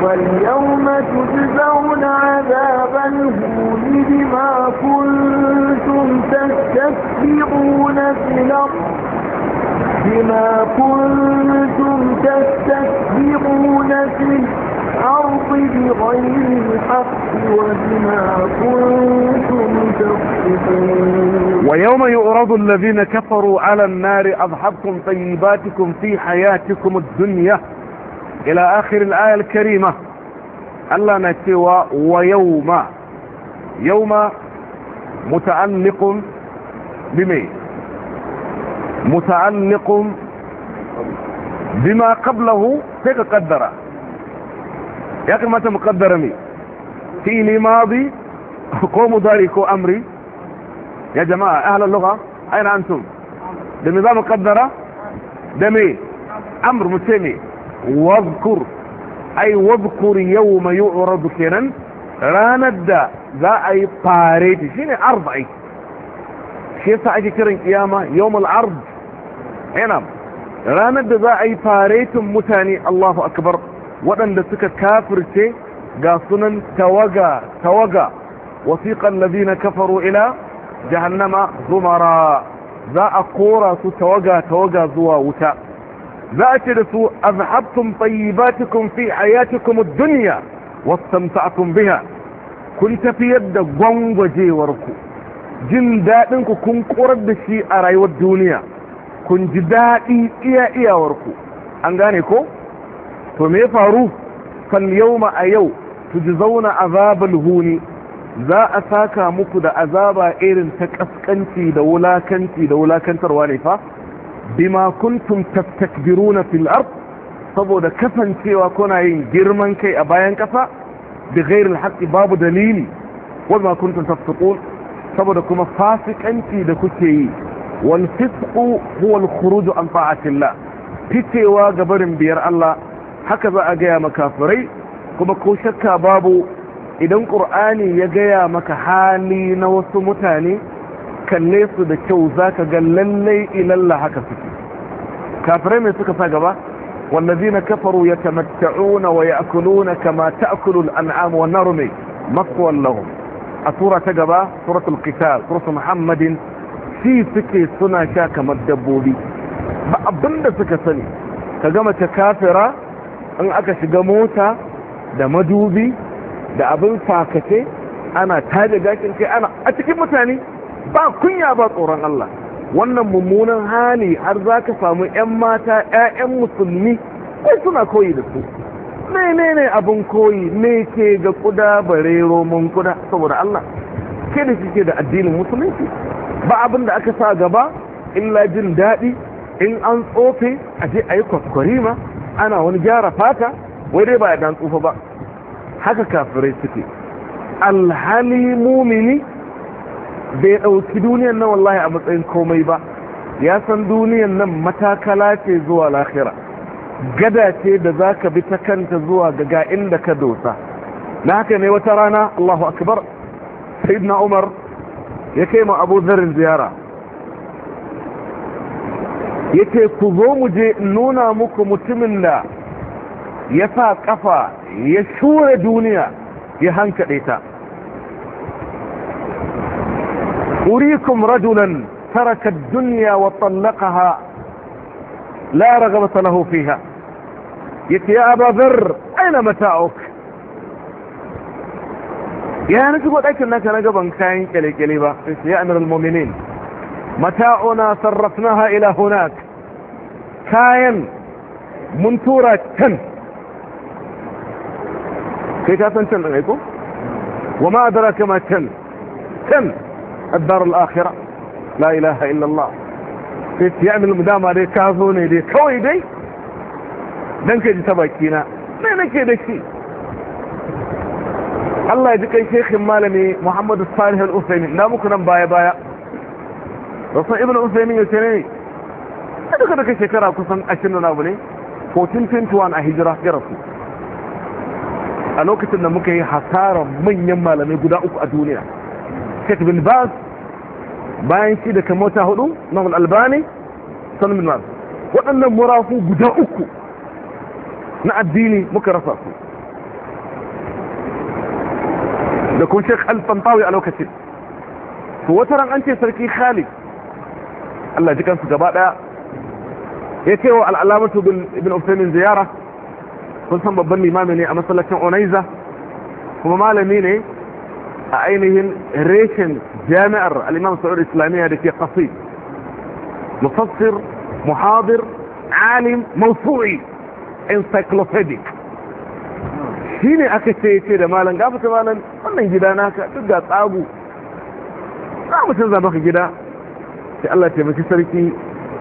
فاليوم تجزون عذاب الهون بما كنتم تستكبرون في الأرض بما كنتم تستكبرون في الأرض الأرض بغير الحق وبما كنتم تفسقون ويوم يعرض الذين كفروا على النار أضحبتم طيباتكم في حياتكم الدنيا إلى آخر الآية الكريمة ألا نتوى ويوم يوم متعلق بمين متعلق بما قبله تقدره يا اخي ما انت مقدرني في لي ماضي كو مضاري امري يا جماعة اهل اللغة اين انتم بالنظام مقدرة دمي امر مسلمي واذكر اي واذكر يوم يعرض كنا راندا ذا اي طاريت شين عرض اي شين ساعة كرن قيامة يوم العرض هنا نعم. راند ذا اي طاريت متاني الله اكبر waɗanda suka kafirce ga sunan tawaga tawaga wasiƙan lazina kafaru ila jahannama zumara za a kora su tawaga tawaga zuwa wuta za a ce da su azhabtum tayyibatikum fi hayatikum ad-dunya wastamta'tum biha kun tafiyar da gwangwajewarku jin daɗin ku kun korar da shi a rayuwar duniya kun ji daɗi iya iyawarku an gane ko to me faru fal yauma a yau tujzauna azabal huni za a saka muku da azaba irin ta kaskanci da wulakanci da wulakantarwa ne fa bima kuntum tastakbiruna fil ard saboda kasancewa kuna yin girman kai a bayan kafa, bi ghairil haqqi babu dalili wa ma kuntum tafsiqun saboda kuma fasikanci da kuke yi wal fisqu huwa al khuruj an ta'atillah fitewa gabarin biyar Allah haka za a gaya makafirai kuma ko shakka babu idan ƙur'ani ya gaya maka hali na wasu mutane kalle su da kyau za ka ga lallai ilalla haka suke kafirai mai suka sa gaba wallazi na kafaru ya tamatta'u na waya akulu na kama ta akulu al'amu wa naru mai masu wallahu a tura ta gaba suratul kita muhammadin shi suke suna sha kamar dabbobi ba abinda suka sani ka gama ta kafira in aka shiga mota da madubi da abin fakace ana taje gashin kai ana a cikin mutane ba kunya ba tsoron Allah wannan mummunan hali har za ka samu 'yan mata 'ya'yan musulmi kai suna koyi da su ne ne abin koyi ne ke ga kuda bare roman kuda saboda Allah ke da ke da addinin musulunci ba abin da aka sa gaba illa jin daɗi in an tsofe a je a yi ana wani gyara fata wai dai ba ya dan tsufa ba haka kafirai suke alhali mumini bai ɗauki duniyan nan wallahi a matsayin komai ba ya san duniyan nan matakala ce zuwa lahira gada ce da za ka bi ta kanta zuwa ga da ka dosa na haka ne wata rana allahu akbar sayyidina umar ya kai ma abu zarin ziyara yace ku zo mu je nuna muku mutumin da ya sa kafa ya shure duniya ya hankaɗe ta أريكم رجلا ترك الدنيا وطلقها لا رغبة له فيها يك يا أبا ذر أين متاعك يا نجم أتأكد أنك نجبا كاين كلي كلي با يا أمر المؤمنين mata'una sarrafnaha ila hunak kayan mun tura can kai ka san can ɗin aiko wa ma adraka ma can can الدار الآخرة لا إله إلا الله يعمل مدامة دي كازوني دي كوي دي دنك جي تباكينا نينك دكي الله يجيك شيخ مالمي محمد الصالح الأسيمي لا ممكن بايا بايا rasu ibn usaimin ya ne a duka duka shekara kusan ashirin na abu ne 1421 a hijira ya rasu a lokacin da muka yi hasarar manyan malamai guda uku a duniya sheikh bin baz bayan shi da kamota hudu mahmud albani sanin bin waɗannan murafu guda uku na addini muka rasa su da kuma sheikh alfantawi a lokacin to wata an ce sarki khalid Allah jikan su gaba daya ya ce wa al'alamatu ibn Uthaymin ziyara kun san babban limami ne a masallacin Unaiza kuma malami ne a ainihin reshen jami'ar al-Imam Saud Islamiyya da ke Qasid mufassir muhadir alim mawsu'i encyclopedic shine aka ce ce da malam gafata malam wannan gida ka duk ga tsagu za mu canza maka gida ce Allah taimaki sarki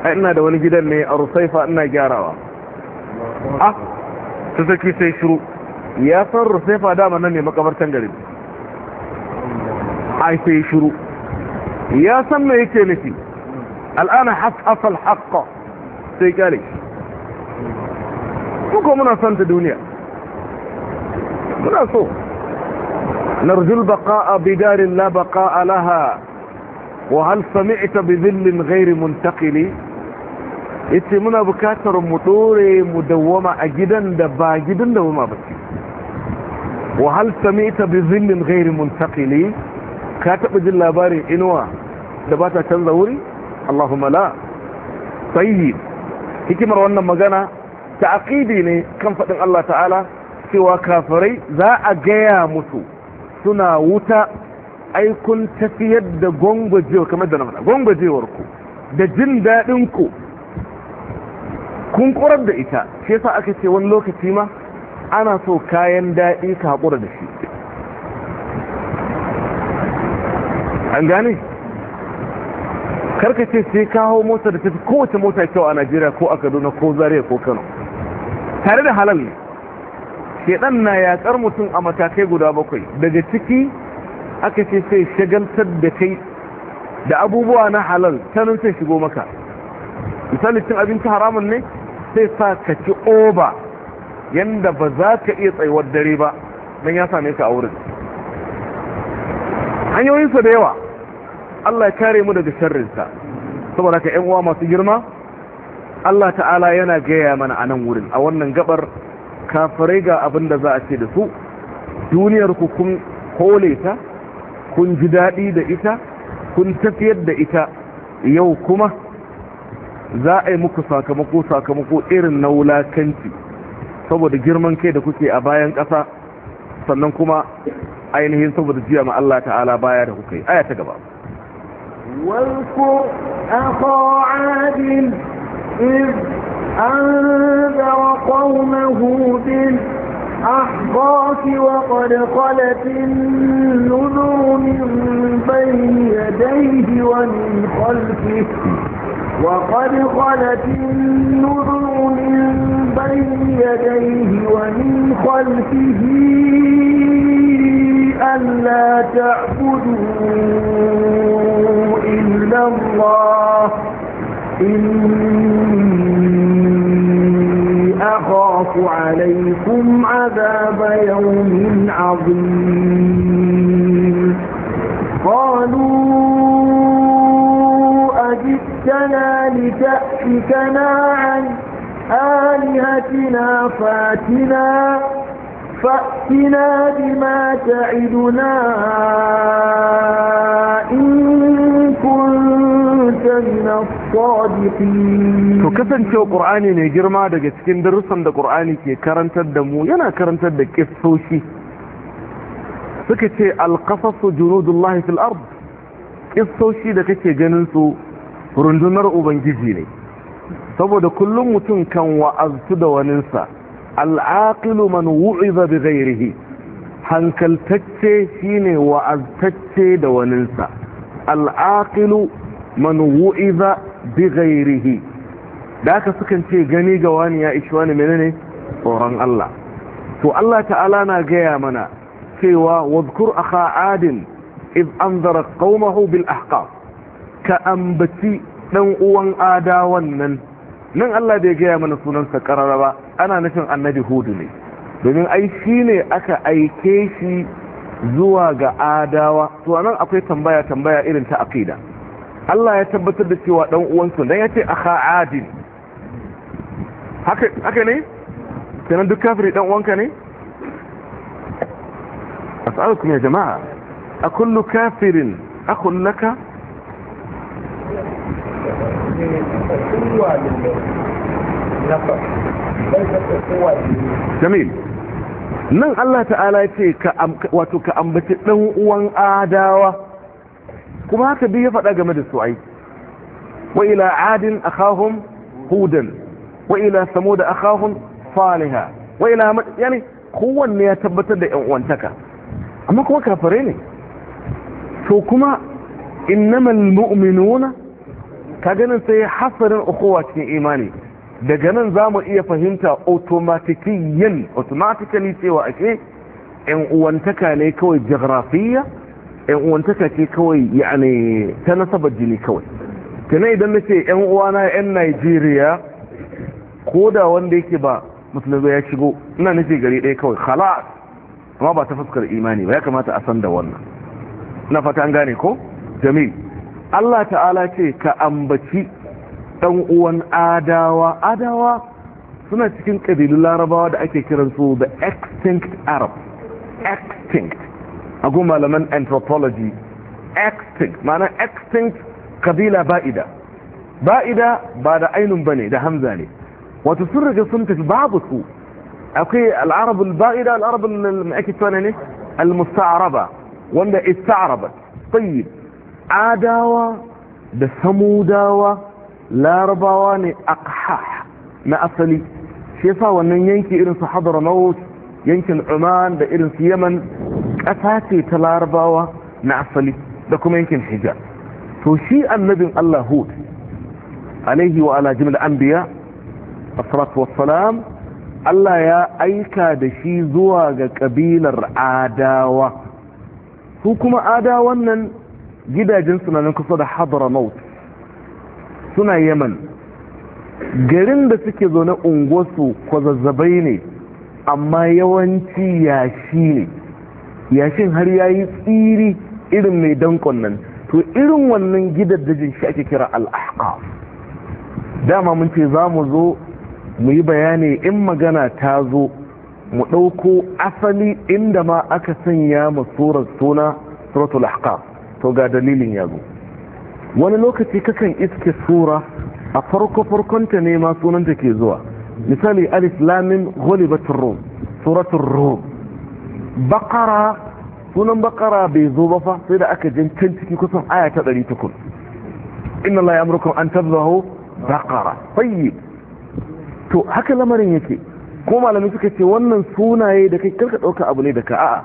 ai ina da wani gidan ne a rusaifa ina gyarawa ah ta sarki sai shiru ya san rusaifa dama nan ne makabartan gari ai sai shiru ya san me yake nufi al'ana hasafa al'haqa. sai kare ko muna son ta duniya muna so narjul baqa'a bidarin la baqa'a laha wahal sami'ta bi zillin ghairi muntaqili yace muna bukatar mu dore mu dawwama a gidan da ba gidan dawwama ba ce wahal sami'ta bi zillin ghairi muntaqili ka taba jin labarin inuwa da ba canza wuri Allahumma la sayyid hikimar wannan magana ta aqidi ne kan faɗin Allah ta'ala cewa kafirai za a gaya musu suna wuta ai kun tafiyar da gwangwajewar kamar da na faɗa gwangwajewar ku da jin daɗin ku kun ƙurar da ita shi yasa aka ce wani lokaci ma ana so kayan daɗi ka haƙura da shi an gane karka ce sai kawo mota da tafi kowace mota kyau a najeriya ko a kaduna ko Zariya ko kano tare da halal ne shedan na yakar mutum a matakai guda bakwai daga ciki aka ce sai shagaltar da kai da abubuwa na halal ta nan sai shigo maka misali cin abinci haramun ne sai sa ka ci oba yanda ba za ka iya tsayuwar dare ba don ya same ka a wurin hanyoyinsa da yawa Allah ya kare mu daga sharrinsa saboda ka yan uwa masu girma Allah ta'ala yana gaya mana a nan wurin a wannan gabar kafirai ga abin da za a ce da su duniyar ku kun kole ta kun ji daɗi da ita kun tafiyar da ita yau kuma za a yi muku sakamako sakamako irin na wulakanci saboda girman kai da kuke a bayan ƙasa sannan kuma ainihin saboda jiya ma Allah ta'ala baya da kuka yi aya ta gaba walkur akhaw adil iz anzara qawmahu bil الأحباط وقد خلت النذر من بين يديه ومن خلفه وقد خلت النذر من بين يديه ومن خلفه ألا تعبدوا إلا الله إني أخاف عليكم عذاب يوم عظيم قالوا أجدتنا لتأتكنا عن آلهتنا فاتنا فأتنا بما تعدنا To kasancewa ƙur'ani ne girma daga cikin darussan da ƙur'ani ke karantar da mu yana karantar da ƙistoshi suka ce alƙasasu junudullahi fil ard da kake ganin su rundunar ubangiji ne saboda kullum mutum kan wa'azu da waninsa al'aqilu man wu'iza da ghairihi hankaltacce shine wa'aztacce da waninsa al'aqilu man wu'iza bi ghairihi da aka sukan ce gani ga wani ya ishi wani menene tsoron Allah to Allah ta'ala na gaya mana cewa wadkur aka adin iz anzara qaumahu bil ahqaf ka ambaci dan uwan adawan nan nan Allah bai gaya mana sunansa karara ba ana nufin annabi hudu ne domin ai shi ne aka aike shi zuwa ga adawa to nan akwai tambaya tambaya irin ta aqida Allah ya tabbatar da cewa dan uwansu dan yace akha adil haka haka ne kana duk kafiri dan uwanka ne as'alukum ya jama'a akullu kafirin akhun laka قوة للنفس ليست قوة جميل nan Allah ta'ala ya ce wato ka ambaci ɗan uwan adawa kuma haka biyu ya faɗa game da su ai wa ila adin akhahum hudan wa ila samud akhahum salih wa ila yani kowanne ya tabbatar da 'yan uwantaka amma kuma kafare ne to kuma innamal mu'minuna ka ganin sai hasarin ukuwa cikin imani daga nan za mu iya fahimta otomatikiyan otomatikali cewa ake yan uwantaka ne kawai jagrafiya yan uwantaka ce kawai ya'ane ta nasabar jini kawai tana idan na ce yan uwana yan nigeria ko da wanda yake ba musulmi ya shigo ina nufi gari ɗaya kawai halas amma ba ta fuskar imani ba ya kamata a san da wannan na fata an gane ko jamil Allah ta'ala ce ka ambaci ɗan uwan adawa adawa suna cikin ƙabilun larabawa da ake kiransu the extinct arab extinct a malaman anthropology extinct ma'ana extinct ƙabila ba'ida ba'ida ba da ainun ba ne da hamza ne wata sun riga sun tafi babu su akwai al'arabul ba'ida al'arabul ake tsane ne al-musta'araba wanda ista'arabat tayyib adawa da samudawa larabawa ne aqha na asali shi yasa wannan yanki irin su hadramaut yankin Oman da irin su Yemen ƙasa ce ta larabawa na asali da kuma yankin Hijaz to shi annabin Allah hu alaihi wa ala jami'il anbiya asratu salam Allah ya aika da shi zuwa ga kabilar Adawa su kuma Adawan nan gidajen suna nan kusa da maut suna yaman garin da suke zaune unguwarsu kwazazzabai ne amma yawanci yashi ne yashin har ya yi tsiri irin mai dankon nan to irin wannan gidajen shi ake kira al'ahqaf dama mun ce za mu zo mu yi bayani in magana ta zo mu ɗauko asali inda ma aka sanya mu surar suna suratul ahqaf to ga dalilin ya zo wani lokaci kakan iske sura a farko farkonta ne ma sunanta ke zuwa misali alif lamin ghalibatur rum suratul rum sunan baqara bai zo ba fa sai da aka jin can ciki kusan aya ta 800 inna la ya'murukum an tadhahu baqara tayyib to haka lamarin yake ko malamai suka ce wannan sunaye da kai karka ɗauka abu ne da ka a'a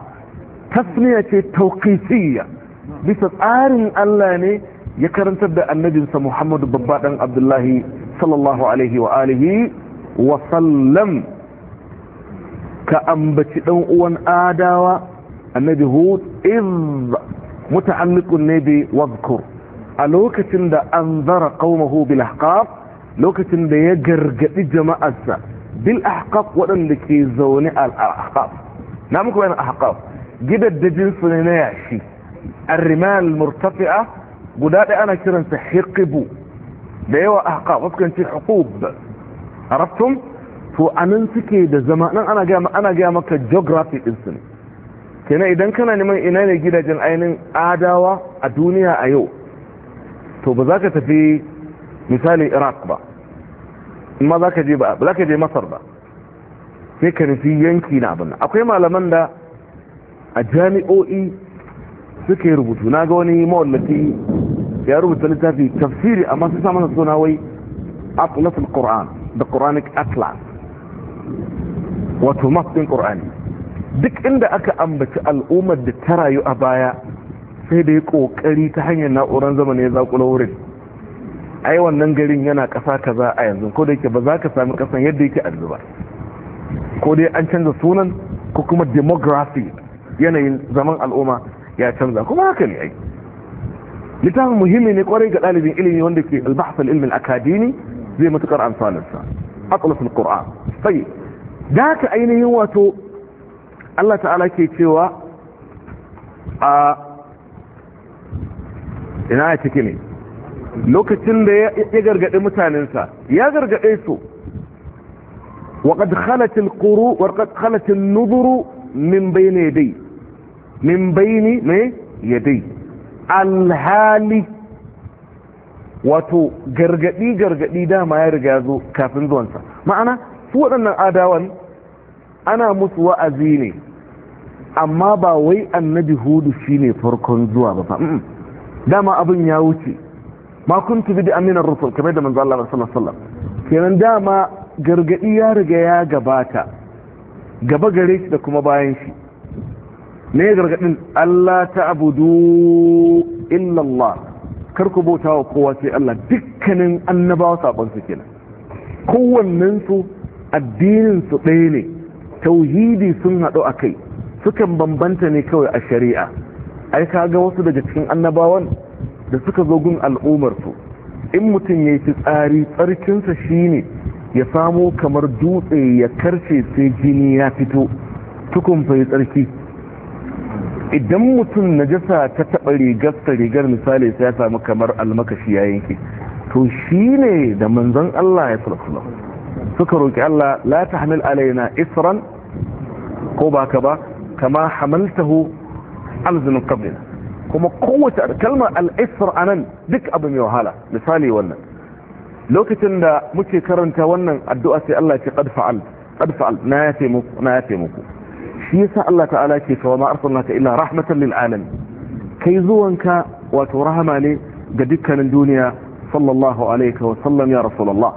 tasmiya ce tauqifiyya bisa tsarin Allah ne ya karantar da annabinsa Muhammadu babba dan Abdullahi sallallahu alaihi wa alihi wa sallam ka ambaci dan uwan adawa annabi Hud iz muta'alliqun ne bi wadhkur a lokacin da anzara qaumahu bil ahqaf lokacin da ya gargadi jama'arsa bil ahqaf wadanda ke zaune al ahqaf na muku bayan ahqaf gidaddajin su ne na yashi Arimal murtafi'a guda ɗaya ana kiran kiransa hiqibu da yawa ahqa waskan ce huqub arabtum to anan suke da zama nan ana ga ana ga maka geography din su kenan idan kana neman ina ne gidajen ainin adawa a duniya a yau to ba za ka tafi misali iraq ba ma za ka je ba za ka je masar ba sai ka nufi yanki na abin akwai malaman da a jami'o'i suka yi rubutu na ga wani mawallafi ya rubuta littafi tafsiri amma su sa masa suna wai atlas al-qur'an da quranic atlas wato mafin qur'ani duk inda aka ambaci al'ummar da ta rayu a baya sai da ya kokari ta hanyar na'urar zamani ya zakula wurin ai wannan garin yana kasa kaza a yanzu ko da yake ba za ka sami kasan yadda yake a ba ko dai an canza sunan ko kuma demography yanayin zaman al'umma ya canza kuma haka ne ai littafin muhimmi ne kwarai ga ɗalibin ilimi wanda ke albahasar ilmin akadini zai matukar amfaninsa atlasul qur'an sai da haka ainihin wato Allah ta'ala ke cewa a ina ya ciki ne lokacin da ya gargaɗi mutanensa ya gargaɗe su waƙad khalatin ƙuru waƙad khalatin nuzuru min bai ne dai min baini ne yadai alhali wato gargadi gargadi dama ya riga zo kafin zuwansa ma'ana su waɗannan adawan ana musu wa'azi ne amma ba wai annabi hudu shine farkon zuwa ba fa dama abin ya wuce ma kuntu bi aminar rusul kamar da manzo Allah sallallahu alaihi wasallam kenan dama gargadi ya riga ya gabata gaba gare shi da kuma bayan shi ne gargadin Allah ta abudu illallah karku bauta wa kowa sai Allah dukkanin annabawa sabon su kenan kowannen su addinin su ɗaya ne tauhidi sun haɗu a kai sukan bambanta ne kawai a shari'a ai ka ga wasu daga cikin annabawan da suka zo gun al'ummarsu? su in mutum ya yi tsari tsarkinsa shine ya samo kamar dutse ya karce sai jini ya fito tukun fa tsarki idan mutum najasa ta taɓa rigarsa rigar misali sai ya samu kamar almakashi ya yanke to shi ne da manzon Allah ya sulasulam suka roƙi Allah la ta hamil alaina isran ko ba ka ba kama hamaltahu alzinin kablina kuma kowace kalmar al'isra a nan duk abu mai wahala misali wannan lokacin da muke karanta wannan addu'a sai Allah ce ƙadfa'al na ya muku shi yasa Allah ta'ala ke kawo ma arsalnaka illa rahmatan lil alamin kai zuwanka wato rahama ne ga dukkanin duniya sallallahu alaihi wa sallam ya rasulullah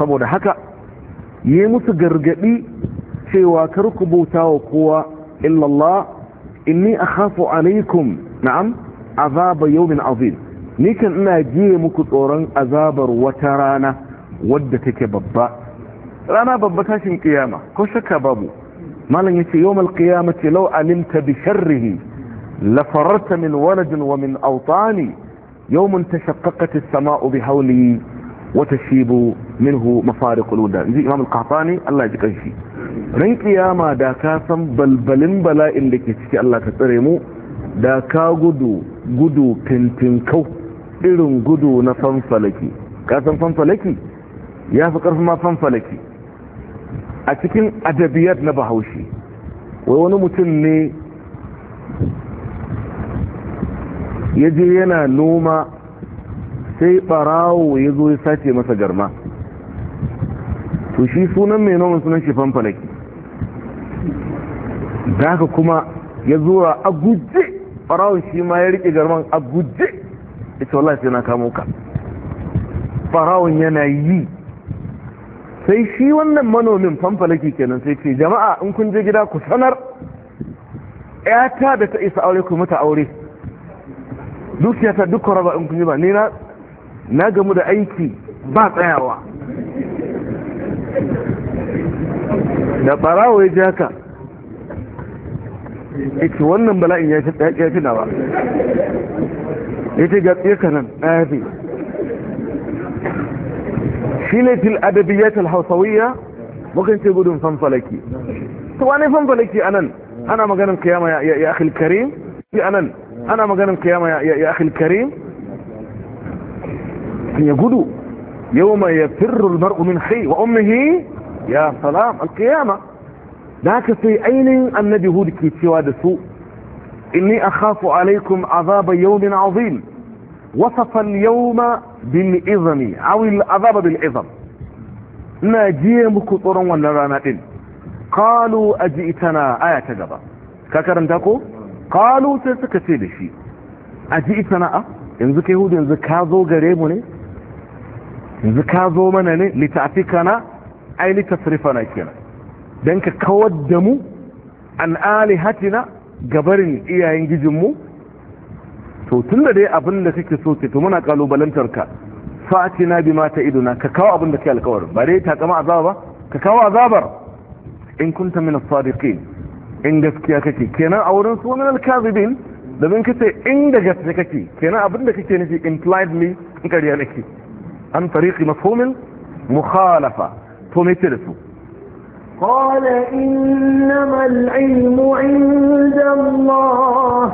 saboda haka yi musu gargadi cewa kar ku bautawa wa kowa illa Allah inni akhafu alaikum na'am azaba yawmin azim ni kan ina jiye muku tsoron azabar wata rana wadda take babba rana babba tashin kiyama ko shakka babu malam yace yawmal qiyamati law alimta bi sharrihi la fararta min waladin wa min awtani yawmun tashaqqaqat as-sama'u bi hawli wa tashibu minhu mafariq al-wuda inji imam al-qahtani Allah ya ji kanshi ran qiyama da ka san balbalin bala'in da ke ciki Allah ka tsare mu da ka gudu gudu kau irin gudu na fanfalaki ka san fanfalaki ya fi karfi ma fanfalaki a cikin adabiyar na bahaushe wai wani mutum ne ya je yana noma sai barawo ya zo ya sace masa garma to shi sunan mai noman sunan shi fanfalaki da haka kuma ya zura a guje barawon shi ma ya rike garman a guje ita wallah sai na kamo ka barawon yana yi sai shi wannan manomin famfalaki kenan sai ce jama'a in kun je gida ku sanar yata da ta isa aure ku mata aure ya ta duk raba in kun ji ba ni na gamu da aiki ba tsayawa da barawo ya ji haka yake wannan bala'in ya fi na ya ce ga kanan ɗaya shilatil adabiyatul hausawiyya mukan ce gudun fanfalaki to wani fanfalaki anan ana maganin kiyama ya ya akhil karim shi anan ana maganin kiyama ya ya akhil karim ya gudu yawma yafirru almar'u min hayy wa ummihi ya salam alqiyama ka sai ainin annabi hud ke cewa da su inni akhafu alaikum azaba yawmin azim وصف اليوم بالعظم او العذاب بالعظم ناجيه muku tsoron wannan rana din qalu ajitana aya ta gaba ka karanta ko qalu sai suka ce da shi ajitana a yanzu kai hudu yanzu ka zo gare mu ne yanzu ka zo mana ne litafikana ai litasrifana kenan dan ka kawar da mu an alihatina gabarin iyayen gijinmu mu to tun da dai abin da kake so ke to muna kalubalantar ka fati na bi mata iduna ka kawo abin da ke alkawar ba dai ta kama azaba ba ka kawo azabar in kunta min as-sadiqin in gaskiya kake kenan a wurin sunan min da bin kace in da gaskiya kake kenan abin da kake nufi impliedly in kariya nake an tariqi mafhumin mukhalafa to me da su قال إنما العلم عند الله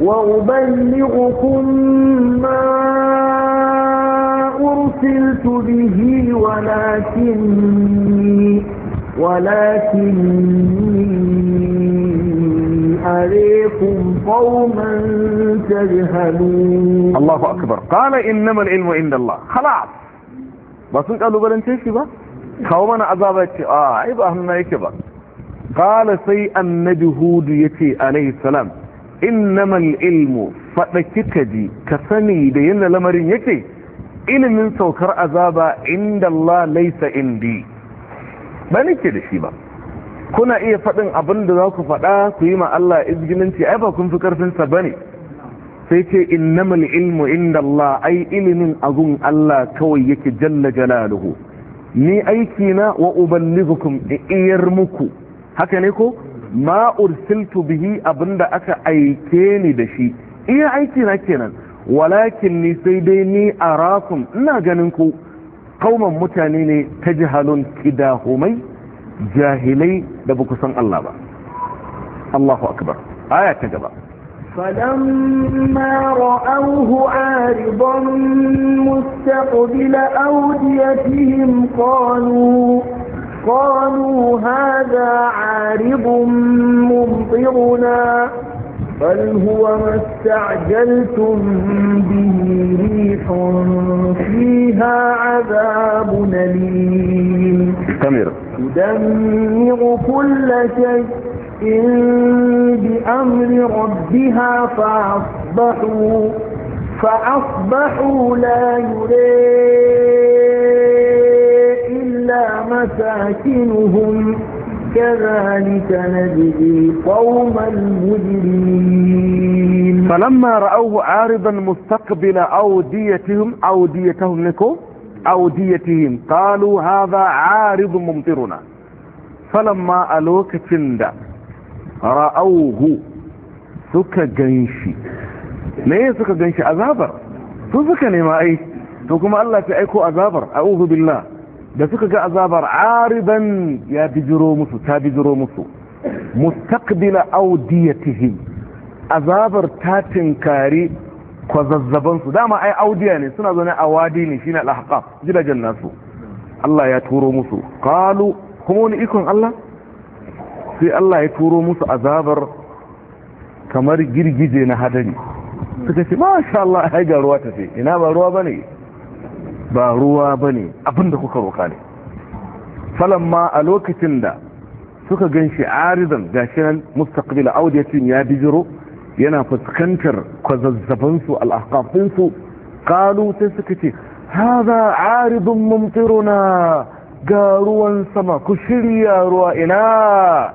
وأبلغكم ما أرسلت به ولكني ولكني أريكم قوما تجهلون الله أكبر قال إنما العلم عند الله خلاص بس قالوا بلن تيشي با قومنا عذابك آه عيب أهلنا يكبر قال سي النبي يتي عليه السلام innaman ilmu faɗa kika ji ka sani da yadda lamarin yake ilimin saukar azaba inda Allah laisa indi ba nake da shi ba kuna iya faɗin abin da za ku faɗa ku yi ma Allah izgilinci ai ba kun fi ƙarfinsa ba ne sai ce innamal ilmu inda Allah ai ilimin agun Allah kawai yake jalla jalaluhu ni aikina wa uballighukum iyar muku haka ne ko ma ursiltu bihi abinda aka aike ni da shi iya aiki na kenan walakin ni sai dai ni arakum ina ganin ku kauman mutane ne ta jihalun kidahumai jahilai da ba san Allah ba Allahu akbar aya ta gaba فلما رأوه عارضا مستقبل أوديتهم قالوا قالوا هذا عارض ممطرنا بل هو ما استعجلتم به ريح فيها عذاب أليم تدمر كل شيء بأمر ربها فأصبحوا فأصبحوا لا يريد إلا مساكنهم كذلك نجزي قوم المجرمين فلما رأوه عارضا مستقبل أوديتهم أوديتهم لكم أوديتهم قالوا هذا عارض ممطرنا فلما ألوك تند رأوه سكا جنشي ليه سكا جنشي أذابر azabar نمائي suka الله ai أيكو kuma أعوذ بالله da suka ga azabar ariban ya bijiro musu ta bijiro musu mustaqbila audiyatihi azabar ta tinkari kwazazzaban su dama ai audiya ne suna zaune a wadi ne shine al-ahqaf gidajen nasu Allah ya turo musu qalu kuma wani ikon Allah sai Allah ya turo musu azabar kamar girgije na hadari suka ce masha Allah ai ga ruwa tafi ina ba ruwa bane ba ruwa ba ne abinda kuka roka ne ma a lokacin da suka gan shi gashinan gashi nan mustaqbil audiyatin ya bijiro yana fuskantar kwazazzabansu al'akafinsu kalu sai suka ce haza aridun mumtiruna ga ruwan sama ku shirya ruwa ina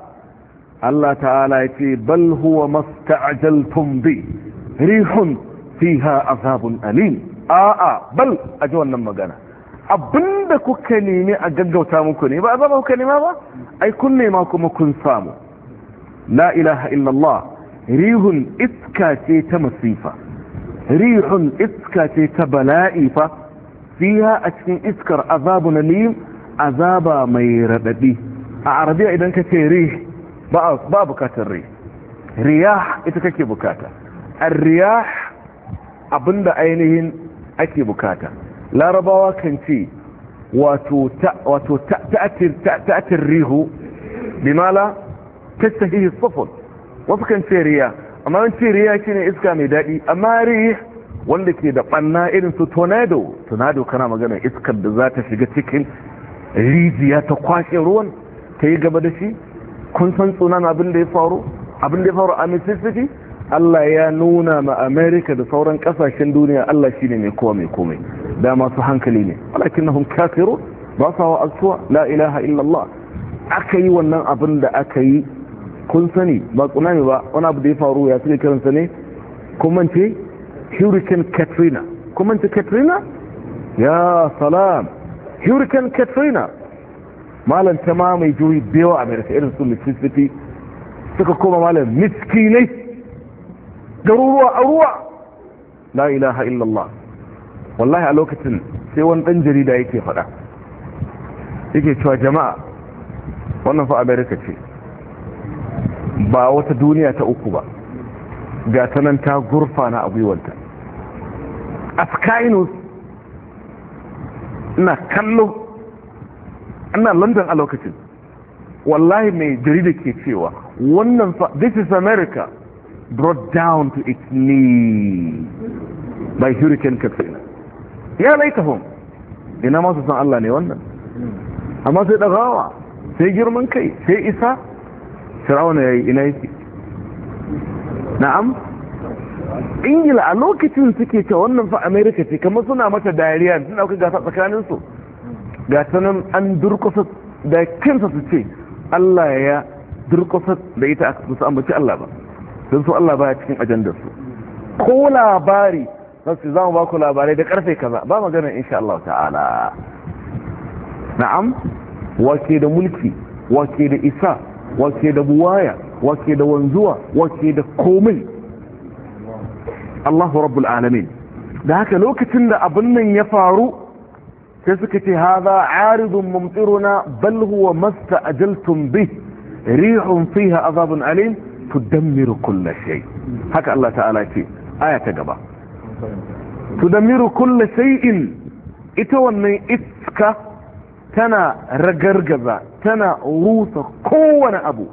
Allah ta'ala ya ce bal huwa bi rihun fiha azabun alim a'a bal a ji wannan magana abinda kuka nemi a gaggauta muku ne ba a zama kuka nema ba ai kun nema kuma kun samu la ilaha illallah rihun iska ce ta masifa rihun iska ce ta bala'i fa fiha a cikin iskar azabu na lim azaba mai raɗaɗi a arabiya idan ka ce rih ba a bukatar rih riyah ita kake bukata ar riyah abinda ainihin ake bukata larabawa kan ce wato ta'atir rihu bimala ta sahihi wasu kan ce riya amma wani ce riya shi ne iska mai daɗi amma riya wanda ke da ɓanna irin su tornado tornado kana magana iskar da za ta shiga cikin rijiya ta kwashe ruwan ta yi gaba da shi kun san tsunan abin da ya faru abin da ya faru a mississippi Allah ya nuna ma Amerika da sauran kasashen duniya Allah shine mai kowa mai komai da masu hankali ne walakinnahum kafiru ba sa wa altuwa la ilaha illallah aka yi wannan abin da aka yi kun sani ba tsunami ba wani abu da ya faru ya suke kiransa ne kuma ce hurricane katrina kuma ce katrina ya salam hurricane katrina malam ta mamaye jihohi da yawa amerika irin su mississippi suka koma malam miskinai garuruwa a ruwa la ilaha illallah wallahi a lokacin sai wani ɗan jarida yake faɗa yake cewa jama'a wannan fa amerika ce ba wata duniya ta uku ba ga ta nan ta gurfana a gwiwanta a skynus ina kallo ina london a lokacin wallahi mai jarida ke cewa wannan fa this is america brought down to its knees by hurricane katrina ya laitahum ina masu san Allah ne wannan amma sai dagawa sai girman kai sai isa ya yi ina yake na'am ingila a lokacin suke ta wannan fa america ce kamar suna mata dariya suna kuka gasa tsakanin su ga sanan an durkusa da kansa su ce Allah ya durkusa da ita a su ambaci Allah ba don su Allah baya cikin ajandar su ko labari na su za mu ba ku labarai da karfe kaza ba magana insha Allah ta'ala na'am wake da mulki wake da isa wake da buwaya wake da wanzuwa wake da komai Allahu rabbul alamin da haka lokacin da abin nan ya faru sai suka ce haza aridun mumtiruna bal huwa masta ajaltum bih rihun fiha azabun alim tudammiru kullu shay haka Allah ta'ala ce aya ta gaba tudammiru kullu shay'in ita wannan iska tana ragargaza tana rusa kowane abu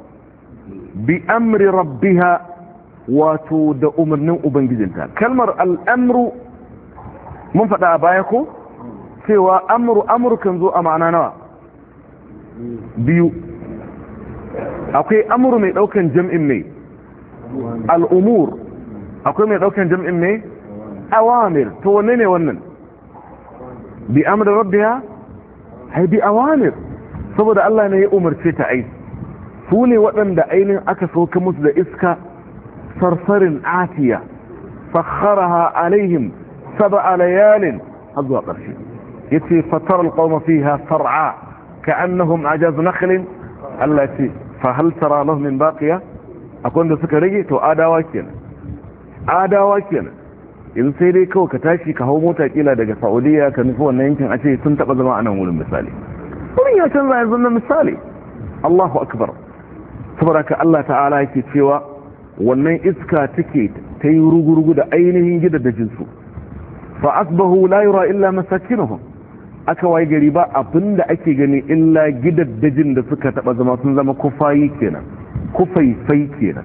bi amri rabbiha wato da umarnin ubangijinta kalmar al'amru mun faɗa a baya ko cewa amru amurkan zo a ma'ana nawa biyu akwai amuru mai daukan jam'in ne al'umur akwai mai daukan jam'in ne awamir to wanne ne wannan bi amr rabbiha hay bi awamir saboda Allah ne ya umarce ta ai su ne waɗanda ainin aka soka musu da iska sarsarin atiya sakharaha alaihim sab'a layalin azwa qarshi yace fatara alqawma fiha sar'a ka'annahum ajaz nakhlin Allah ya ce fa hal tara lahum min baqiya akwai da suka rage to adawa kenan adawa kenan in sai dai kawai ka tashi ka hau mota kila daga Saudiya ka nufi wannan yankin a ce sun taba zama anan nan wurin misali wurin ya canza yanzu na misali Allahu akbar saboda ka Allah ta'ala yake cewa wannan iska take ta yi rugurugu da ainihin gida da jinsu fa asbahu la yura illa masakinuhum aka waye gari ba abinda ake gani illa gidaddajin da suka taba zama sun zama kufayi kenan kufaifai kenan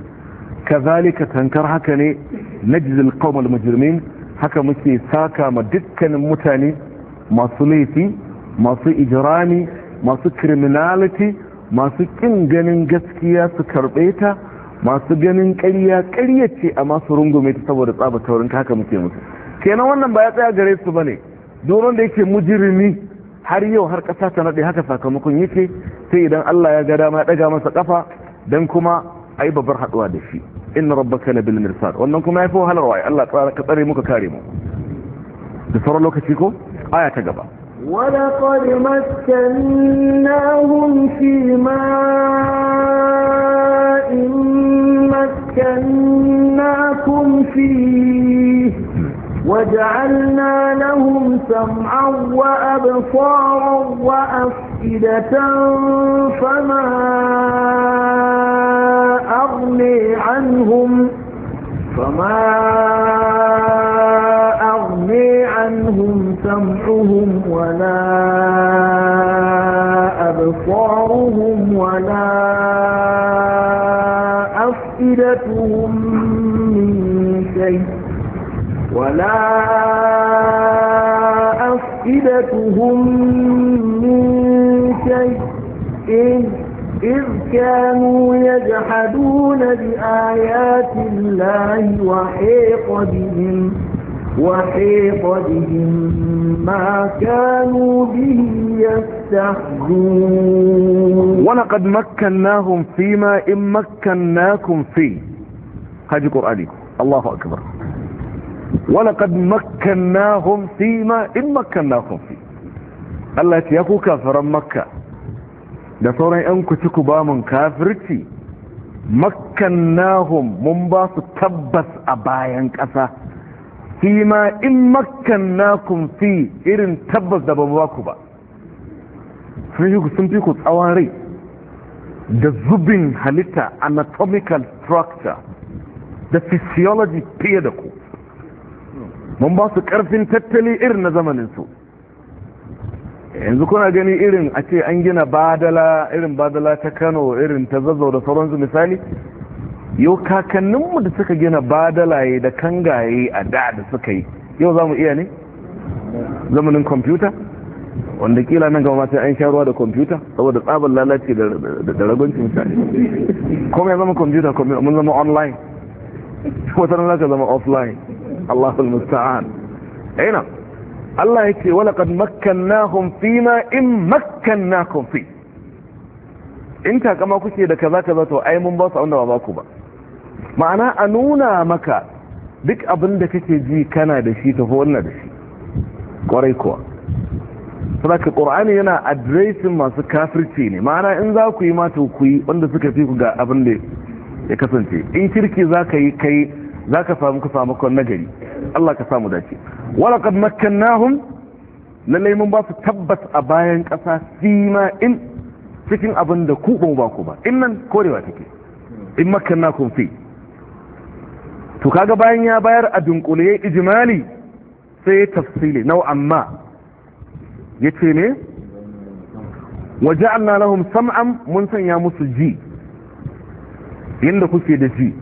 kazalika tankar haka ne najzil qawmal mujrimin haka muke saka ma dukkanin mutane masu laifi masu ijrami masu criminality masu kin ganin gaskiya su karbe ta masu ganin ƙarya ƙarya ce a masu rungume ta saboda tsaba taurin haka muke musu kenan wannan ba ya tsaya gare su bane domin da yake mujirimi har yau har ƙasa ta naɗe haka sakamakon yake sai idan Allah ya ga dama ya ɗaga masa ƙafa don kuma a yi babbar haɗuwa da shi inna rabbaka la bil mirsad wannan kuma ya fi wahalar wa Allah ka tsare muka kare mu da sauran lokaci ko aya ta gaba ولقد مكناهم في ماء مكناكم فيه وجعلنا لهم سمعا وأبصارا وأفئدة فما أغني عنهم فما أغني عنهم سمعهم ولا أبصارهم ولا أفئدتهم من شيء ولا أفئدتهم من شيء إذ كانوا يجحدون بآيات الله وحيق بهم وحيق بهم ما كانوا به يستهزئون ولقد مكناهم فيما إن مكناكم فيه هذه قرآنكم الله أكبر walaqad makkannahum fi ma in makkannahum fi Allah ya kuka kafiran makka da sauran yanku ku ci ku ba mun kafirci makkannahum mun ba su tabbas a bayan ƙasa fi ma in makkannakum fi irin tabbas da ba ba ku ba sun fi ku tsawon rai da zubin halitta anatomical structure da physiology fiye da ku mun ba su karfin tattali irin na zamaninsu yanzu kuna gani irin a ce an gina badala irin badala ta kano irin ta zazzau da sauransu misali yau kakanninmu da suka gina badalaye da kangaye a da da suka yi yau za mu iya ne zamanin kwamfuta wanda kila nan gama sai an sharuwa da kwamfuta saboda tsabar lalace da ragunci misali kuma ya zama kwamfuta mun zama online [laughs] wata nan za ka zama offline Allahul musta'an ina Allah yake wala kad makkannahum fima in makkannakum fi in takama kuke da kaza kaza to ai mun ba su wanda ba ku ba ma'ana a nuna maka duk abin da kake ji kana da shi tafi wannan da shi kwarai kuwa saboda qur'ani yana addressing masu kafirci ne ma'ana in za ku yi ma to ku yi wanda suka fi ku ga abin da ya kasance in kirki za ka yi kai za ka samu ka samu kwan nagari Allah ka samu dace Wala walaƙad makkannahum lallai mun ba su tabbas a bayan kasa sima in cikin abin da ku ba ku ba in nan korewa take in makkannakum fi to kaga bayan ya bayar a dunkule ya ijimali sai ya tafsili nau amma yace ne waje an lahum sam'an mun sanya musu ji yanda kuke da ji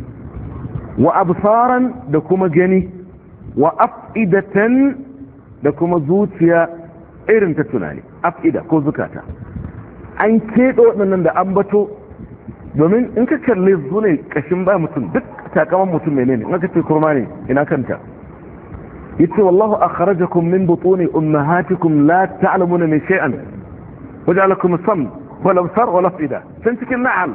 wa absaran da kuma gani wa af'idatan da kuma zuciya irin ta tunani af'ida ko zukata an keɗo waɗannan da bato domin in ka kalle su ne kashin ba mutum duk takaman mutum menene in ka ce kurma ne ina kanta yace wallahu akhrajakum min butuni ummahatikum la ta'lamuna min shay'an waja'alakum sam wal absar wal af'ida san cikin na'al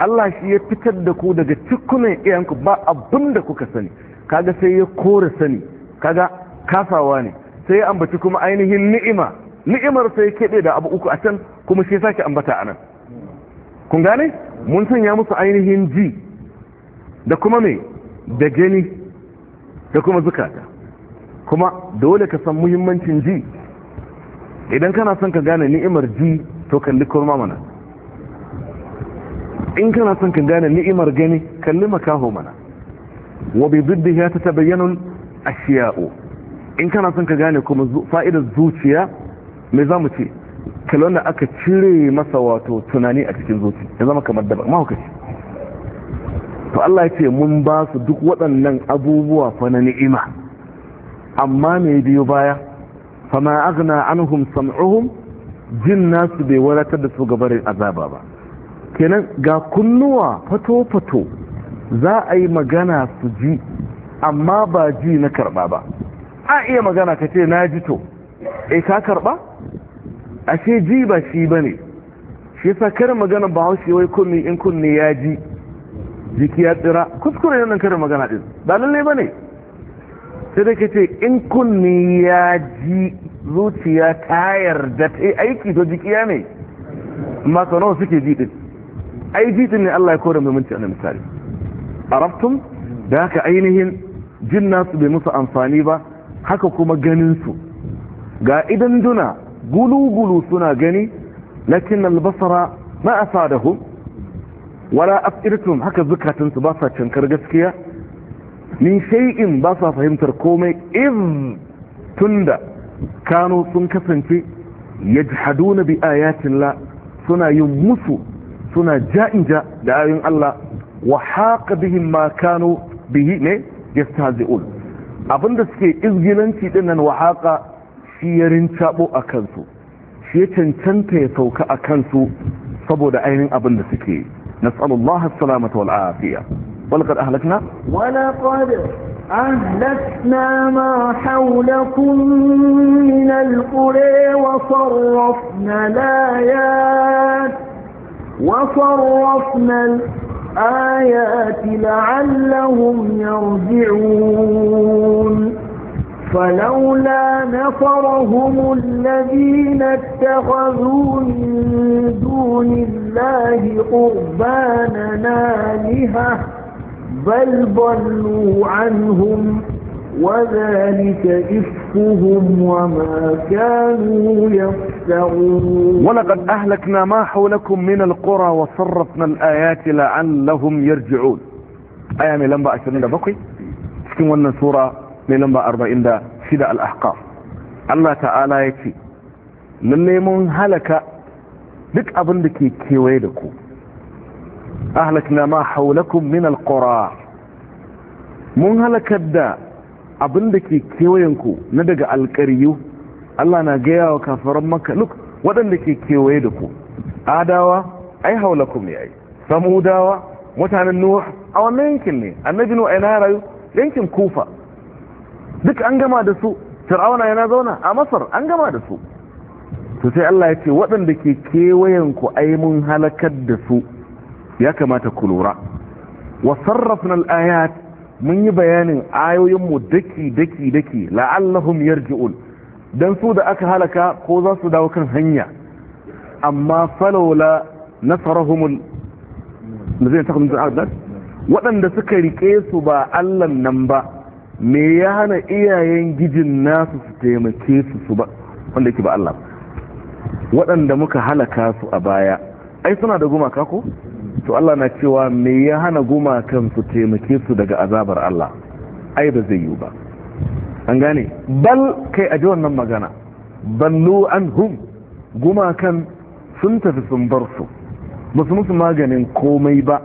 Allah shi ya fitar da ku daga cikunan iyanku ba abin da kuka sani kaga sai ya kore sani kaga kasawa ne sai ya ambaci kuma ainihin ni'ima ni'imar sai ya keɓe da abu uku a can kuma shi sake ambata a nan kun gane mun sanya musu ainihin ji da kuma mai da gani da kuma zukata kuma dole ka san muhimmancin ji idan kana son ka gane ni'imar ji to kalli kurma mana in kana son ka gane ni'imar gani kalli makaho mana wa bi ziddiha tatabayyanu ashiya'u in kana son ka gane kuma fa'idar zuciya me zamu ce kalon aka cire masa wato tunani a cikin zuci ya zama kamar daba mahaukaci to Allah ya ce mun ba su duk waɗannan abubuwa fa na ni'ima amma me biyo baya ma aghna anhum sam'uhum jin nasu bai wadatar da su gabarin azaba ba kenan ga kunnuwa fato-fato za a yi magana su ji amma ba ji na karba ba a iya magana ka ce na ji to e ka karba ce ji ba shi ba ne shi sa karin magana ba haushe wai kunni in kunni ya ji jiki ya tsira kuskure nan karin magana din ba lalle ba ne sai da ce in kunni ya ji zuciya ta yarda ta aiki to jiki ya ne nawa suke ji din ai jitin ne Allah ya kore muhimmanci a misali arabtum da haka ainihin jin nasu bai musu amfani ba haka kuma ganin su ga idan duna gulugulu suna gani lakin albasara ma hu wala afirtum haka zukatansu basa ba sa cankar gaskiya ni shai'in ba sa fahimtar komai in tunda kano sun kasance yajhaduna bi ayatin suna yin musu suna ja'in ja da ayoyin Allah wa haƙa bihin makano bihi ne yastahzi'un abinda suke izgilanci dinnan wa haƙa shi ya a kansu shi ya cancanta ya sauka a kansu saboda ainihin da suke nas'alullahi as-salamata wal afiya ولقد أهلكنا ولقد أهلكنا ما حولكم من القرى وصرفنا الآيات وصرفنا الآيات لعلهم يرجعون فلولا نصرهم الذين اتخذوا من دون الله قربانا آلهة بل ضلوا عنهم وذلك إفكهم وما كانوا يفتعون ولقد أهلكنا ما حولكم من القرى وصرفنا الآيات لعلهم يرجعون آية من لنبا أشرين بقي سكن سورة من لنبا أربعين دا سيدة الأحقاف الله تعالى يتي للي mun هلك لك abin da ke أهلكنا ما حولكم من القرى haulakum min abin da ke ku na daga alkariyu Allah na gaya wa kafaran maka luk waɗanda ke kewaye da ku adawa ai haulakum ne ai samudawa mutanen nuh a wannan yankin ne annabi nuh yana rayu yankin kufa duk an gama da su fir'auna yana zauna a masar an gama da su to sai Allah ya ce waɗanda ke kewayen ku ai mun halakar da su ya kamata ku lura wa sarrafna al-ayat mun yi bayanin ayoyinmu daki daki daki la'allahum yarji'un dan su da aka halaka ko za su dawo kan hanya amma falola nasarahumul lazina takum waɗanda suka rike su ba Allah nan ba me ya hana iyayen gijin nasu su taimake su su ba wanda yake ba Allah waɗanda muka halaka su a baya ai suna da gumaka ko to Allah na cewa me ya hana gumakan su taimake su daga azabar Allah ai ba zai yi ba an gane bal kai a ji wannan magana ballu an hum gumakan sun tafi sun bar su musu musu maganin komai ba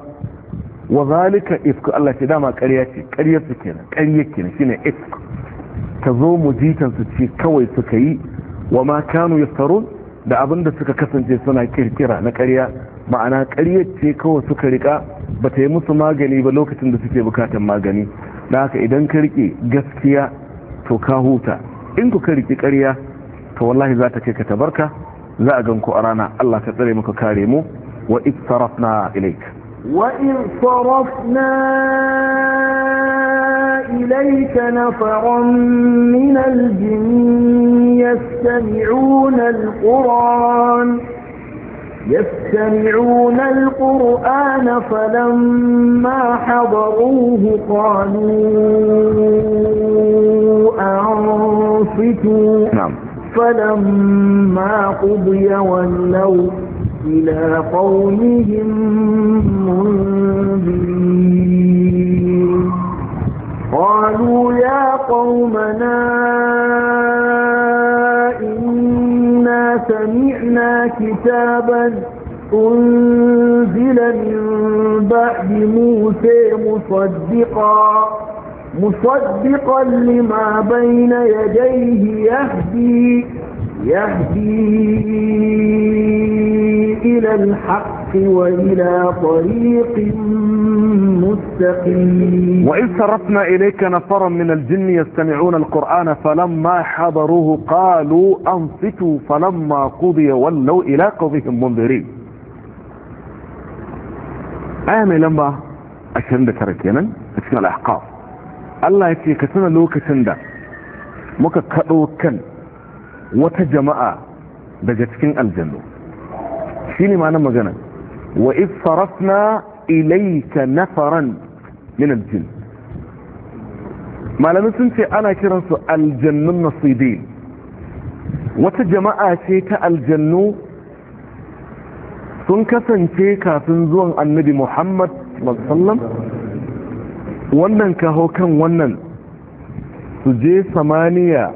wa zalika ifku Allah ce dama ƙarya ce ƙarya su kenan ƙarya kenan shine ifku ta zo mu jitan su ce kawai suka yi wa ma kanu yasarun da abinda suka kasance suna kirkira na ƙarya ma'ana ƙaryar ce kawai suka rika ba ta yi musu magani ba lokacin da suke bukatan magani da haka idan ka rike gaskiya to ka huta in ku ka rike ƙarya to wallahi za ta kai ka tabarka za a gan ku a rana Allah ka tsare muka kare mu wa ittarafna ilaik wa إليك نفرا من الجن يستمعون القرآن يستمعون القرآن فلما حضروه قالوا أنصتوا نعم فلما قضي ولوا إلى قومهم منذرين قالوا يا قومنا إن إنا سمعنا كتابا أنزل من بعد موسى مصدقا مصدقا لما بين يديه يهدي يهدي إلى الحق وإلى طريق مستقيم وإن صرفنا إليك نفرا من الجن يستمعون القرآن فلما حضروه قالوا أنصتوا فلما قضي ولوا إلى قضيهم منذرين آية لما أشهد كاركينا أشهد الأحقاب الله al'ahqaf Allah ya ce ka wata jama'a daga cikin aljannu shi ne ma'anar magana wa isarafna ilaika nafaran min aljin malamin sun ce ana kiransu aljannun nasidin wata jama'a ce ta aljannu sun kasance kafin zuwan annabi muhammad sallam wannan kaho kan wannan su je samaniya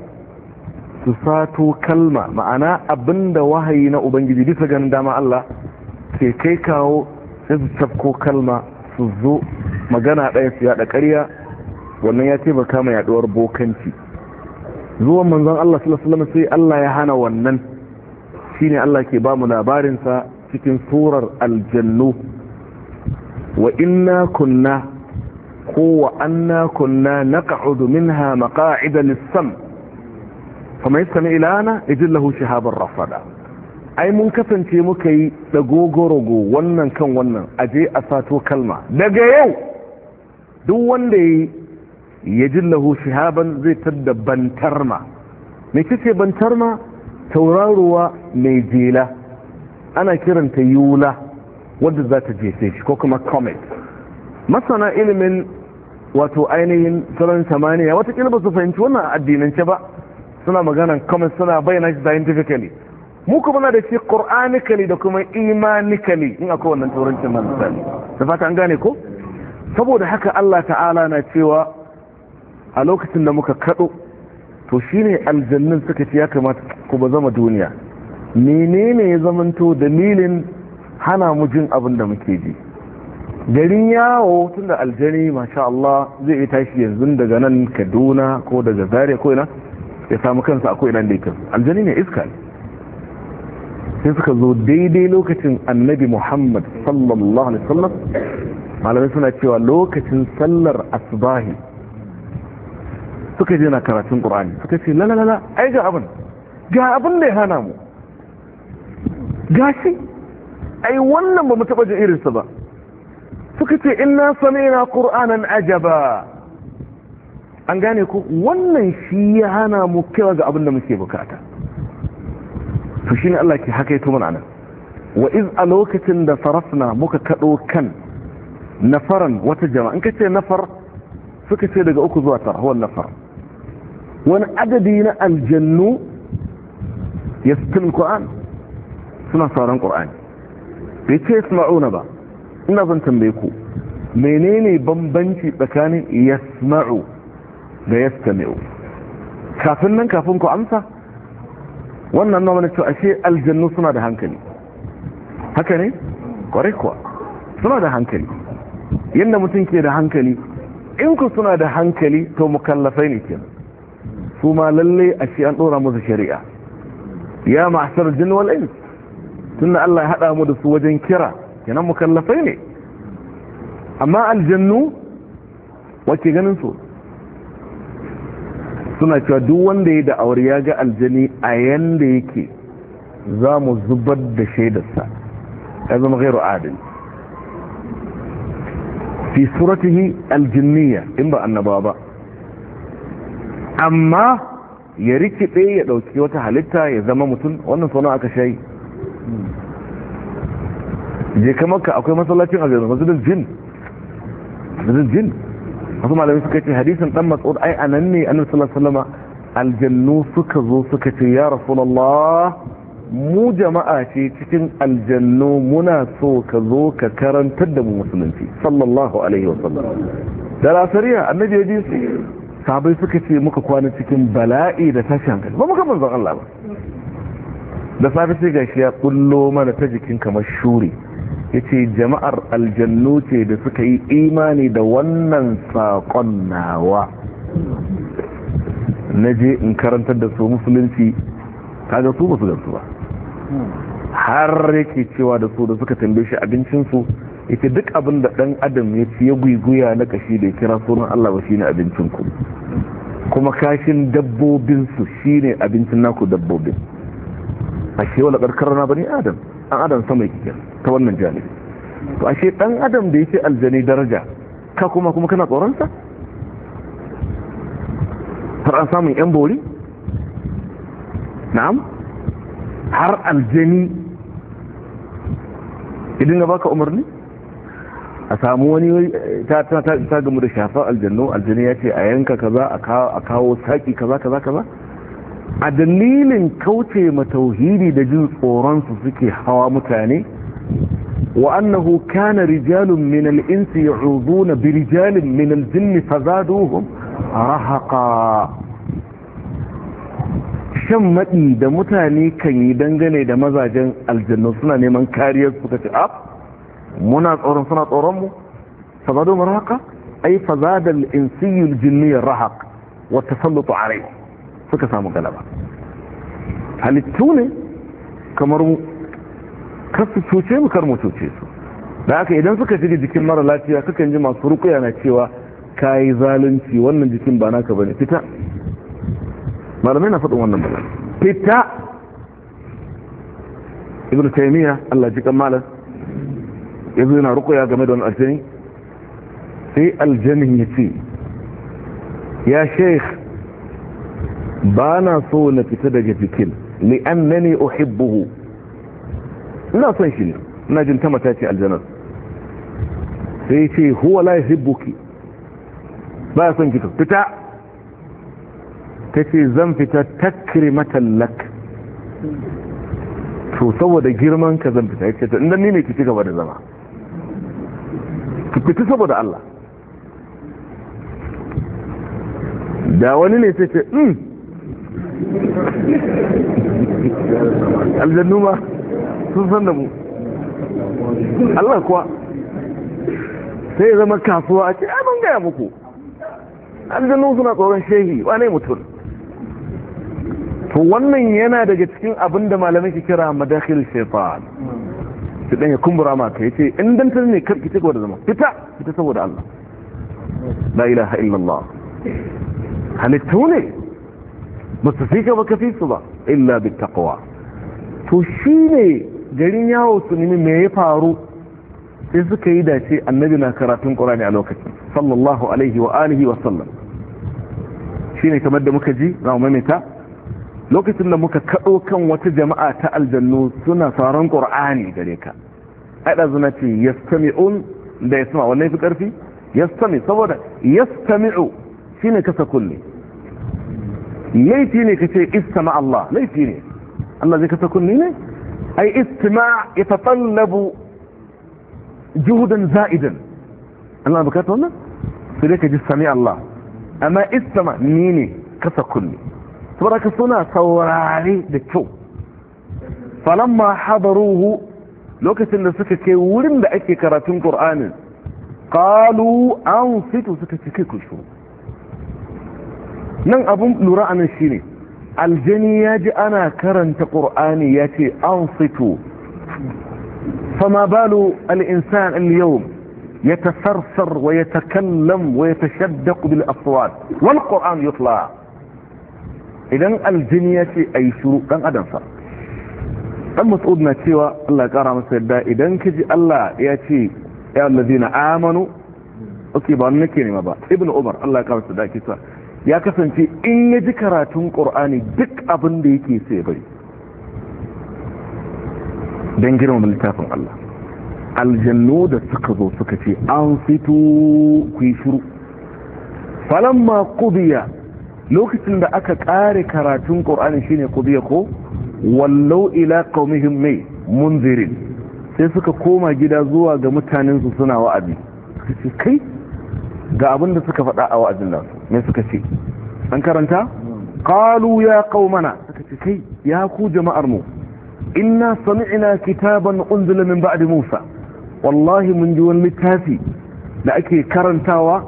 su sato kalma ma'ana abinda wahayi na ubangiji bisa ganin dama Allah ke kai kawo sai su kalma su zo magana ɗaya su yaɗa ƙarya wannan ya taimaka mai yaɗuwar bokanci zuwa manzon Allah sallallahu sai Allah ya hana wannan shine Allah ke ba mu sa cikin surar aljannu wa inna kunna ko wa anna kunna naq'udu minha maqa'ida lis-sam' fa mai sami ilana ijin lahu shihabar rafada ai mun kasance muka yi dagogorogo wannan kan wannan aje a sato kalma daga yau duk wanda ya ya ji lahu shihaban zai tadda bantarma mai kice bantarma tauraruwa mai jela ana kiranta yula wadda za ta jefe shi ko kuma comet masana ilimin wato ainihin salon samaniya watakila ba su fahimci wannan addinance ba suna magana kuma suna bayyana shi scientifically mu kuma na da shi qur'anically da kuma imanically in akwai wannan turancin man misali da fata an gane ko saboda haka Allah ta'ala na cewa a lokacin da muka kado to shine aljannin suka ce ya kamata ku ba zama duniya menene ya zamanto dalilin hana mu jin abin da muke ji garin yawo tun da aljani masha Allah zai tashi yanzu daga nan Kaduna ko daga Zaria ko ina ya samu kansa akwai nan da aljani ne iska ne sai suka zo daidai lokacin annabi muhammad sallallahu alaihi sallam malamai suna cewa lokacin sallar asbahi suka je na karatun qur'ani suka ce lalalala ai ga abin ga abin da ya hana mu gashi ai wannan ba mu taɓa jin irinsa ba suka ce inna sami'na qur'anan ajaba an gane ku wannan shi ya hana mu kira ga abin da muke bukata to shi ne Allah ke haka ya tuma nan wa iz a lokacin da sarafna muka kaɗo kan nafaran wata jama'a in ka nafar suka ce daga uku zuwa tara wannan nafar wani adadi na aljannu ya sun quran suna sauran qur'ani bai ce sma'una ba ina zan tambaye ku menene bambanci tsakanin yasma'u da ya kafin nan kafin ku amsa wannan na wani ashe aljannu suna da hankali haka ne kwarai kuwa suna da hankali yadda mutum ke da hankali in ku suna da hankali to mu kallafai ne kenan su ma lalle a an dora musu shari'a ya ma'asar jin wal'ai tun tunda Allah ya haɗa mu da su wajen kira kenan kallafai ne amma aljannu wace ganin su suna cewa duk wanda ya da'awar ya ga aljani a yanda yake za mu zubar da shaidarsa ya zama gairu adil fi suratihi aljinniya in ba annaba ba amma ya rikide ya dauki wata halitta ya zama mutum wannan sauna aka shayi je kamar ka akwai masallacin aljanu masallacin jin jin wasu malamai suka ce hadisin dan mas'ud ai anan ne annabi sallallahu alaihi wasallam aljannu suka zo suka ce ya rasulullah mu jama'a ce cikin aljannu muna so ka zo ka karantar da mu musulunci sallallahu alaihi wasallam da rasariya annabi ya ji sabai suka ce muka kwana cikin bala'i da tashi hankali ba muka manzon Allah ba da safe sai gashi ya kullo mana ta jikin kamar shuri yace jama'ar aljannu ce da suka yi imani da wannan saƙon nawa na je in karantar da su musulunci kaga su ba su gamsu ba har yake cewa da su da suka tambaye shi abincinsu yace duk abin da dan adam ya ci ya guiguya na kashi da kira sunan Allah ba shi shine abincinku kuma kashin dabbobinsu shine abincin naku dabbobin ashe wala karkarna bani adam dan adam sama yake ta wannan janibi to ashe dan adam da yake aljani daraja ka kuma kuma kana tsoron sa har an samun yan bori na'am har aljani idan ga baka umarni a samu wani ta ta ta gamu da shafa aljannu aljani ya ce a yanka kaza a kawo saki kaza kaza kaza a dalilin kauce ma tauhidi da jin tsoronsu suke hawa mutane wa annahu kana rijalun min al-insi yu'uduna bi rijalin min al-jinn fazaduhum shan maɗi da mutane kan yi dangane da mazajen aljannu suna neman kariyar suka ce ab muna tsoron suna tsoron mu fazaduhum ai ay fazada al-insi al-jinni rahaq wa tasallutu alayhi suka samu galaba halittu ne kamar mu kar su cuce mu kar mu cuce su da haka idan suka shiga jikin mara lafiya kakan ji masu rukuya na cewa ka yi zalunci wannan jikin ba naka bane fita malamai na faɗin wannan bala fita ibn taymiya Allah ji kamalan yanzu yana rukuya game da wani aljani sai aljanin ya ce ya sheikh ba na so na fita daga jikin Ni an o hibbuhu. ina son shi ne ina jin ta mata ce aljanar sai ce huwa la hibbuki. ba ya son ki fita ta ce zan fita takiri lak to saboda girman ka zan fita ce ta ni ne ki ci gaba da zama ki fita saboda Allah da wani ne sai ce hmm, aljannu ma sun san da mu Allah kuwa sai zama kasuwa a ce abin ah, gaya muku aljannu suna tsoron shehi wane mutum to wannan yana daga cikin abin da malamai ke kira madakhil shaytan su ɗan ya kumbura maka ce, in dan ne kar ki cigaba da zama fita fita saboda Allah la ilaha illallah halittu ne ba su fi ka su ba illa bi taqwa to shine garin yawo su nemi me ya faru sai suka yi dace annabi na karatun qur'ani a lokacin sallallahu alaihi wa alihi wa sallam shine kamar da muka ji za mu mamita lokacin da muka kado kan wata jama'a ta aljannu suna sauraron qur'ani gare ka ai da zuna ce yastami'un da yasma wannan fi karfi yastami saboda yastami'u shine kasa kulli laifi ne ka ce istama Allah laifi ne Allah zai kasa kunni ne ai istima ya tatallabu juhudan za'idan Allah bukata wannan sai dai ka ji sami Allah amma istama ni ne kasa kunni saboda ka suna saurare da kyau falamma hadaruhu lokacin da suka ke wurin da ake karatun Qur'anin qalu ansitu suka cike kai shuru nan abun lura a nan shine aljani ya ji ana karanta ƙur'ani ya ce an fito fama balu al'insan al-yau ya tasarsar wa ya takallam wa ya tashaddaku bil aswat wal ƙur'an yutla idan Aljani ya ce a yi shuru ɗan adamsa ɗan mas'ud na cewa Allah ƙara masa yadda idan ka ji Allah ya ce ya allazi na amanu ok ba nake nema ba ibn umar Allah ya ƙara masa yadda kisa ya kasance in ya ji karatun ƙur'ani duk abin da yake sai bari don girmama littafin Allah aljannu da suka zo suka ce an fito ku yi shuru falamma kubiya lokacin da aka ƙare karatun ƙor'ani shine kubiya ko wallau ila qaumihim mai munzirin sai suka koma gida zuwa ga mutanensu suna wa'azi kai ga abin da suka faɗa a wa'azin nan me suka ce an karanta qalu ya qaumana suka ce kai ya ku jama'ar mu inna ina kitaban unzila min ba'di musa wallahi mun ji wani littafi da ake karantawa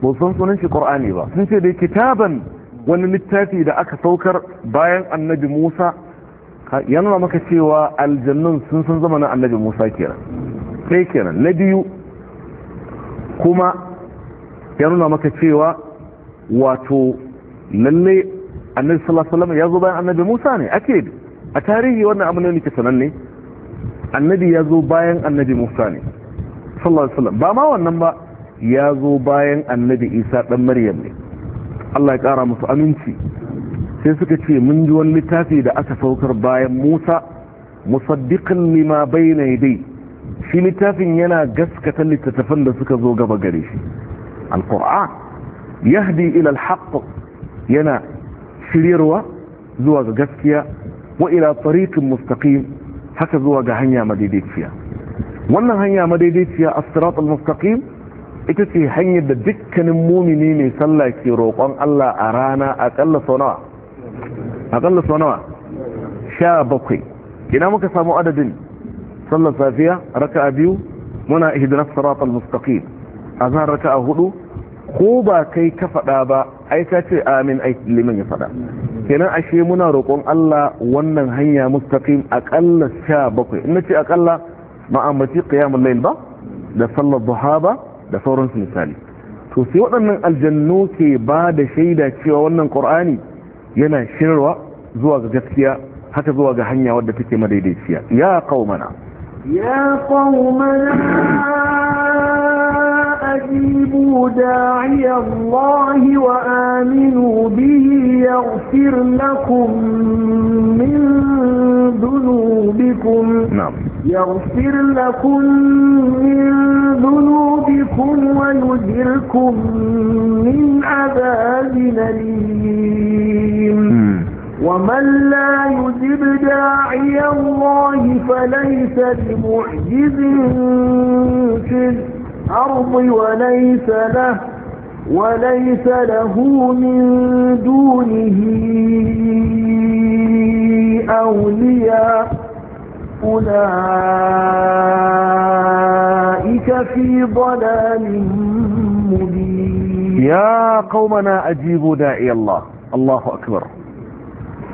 ba san sunan shi ƙur'ani ba sun ce dai kitaban wani littafi da aka saukar bayan annabi musa yana maka cewa aljannun sun san na annabi musa kenan sai kenan na biyu kuma ya nuna maka cewa wato lalle annabi sallallahu alaihi wasallam ya zo bayan annabi Musa ne ake a tarihi wannan abu ne ke sananne annabi ya zo bayan annabi Musa ne sallallahu alaihi wasallam ba ma wannan ba ya zo bayan annabi Isa dan Maryam ne Allah ya kara musu aminci sai suka ce mun ji wani littafi da aka saukar bayan Musa musaddiqan lima bayna yadayhi shi littafin yana gaskata littattafan da suka zo gaba gare shi alkur'an yahdi ila alhaq yana shiryarwa zuwa ga gaskiya wa ila tariqin mustaqim haka zuwa ga hanya madaidaiciya wannan hanya madaidaiciya as-sirat al-mustaqim ita ce hanyar da dukkanin mumini mai sallah ke roƙon Allah a rana aƙalla sau nawa aƙalla sau nawa sha bakwai ina muka samu adadin sallar safiya raka'a biyu muna ihdinas siratal mustaqim A raka a hudu ko ba kai ka faɗa ba ai ka ce amin ai liman ya faɗa kenan ashe muna roƙon Allah wannan hanya mustaqim aƙalla sha bakwai in ce aƙalla mace qiyamul layl ba da sallar duha ba da sauransu misali to sai waɗannan aljannu ke ba da shaida cewa wannan qur'ani yana shirwa zuwa ga gaskiya haka zuwa ga hanya wadda take madaidaiciya ya qaumana يا قوم لا أجيبوا داعي الله وآمنوا به يغفر لكم من ذنوبكم نعم يغفر لكم من ذنوبكم ويجركم من عذاب أليم ومن لا يجب داعي الله فليس بمعجز في الأرض وليس له وليس له من دونه أولياء أولئك في ضلال مبين يا قومنا أجيبوا داعي الله الله أكبر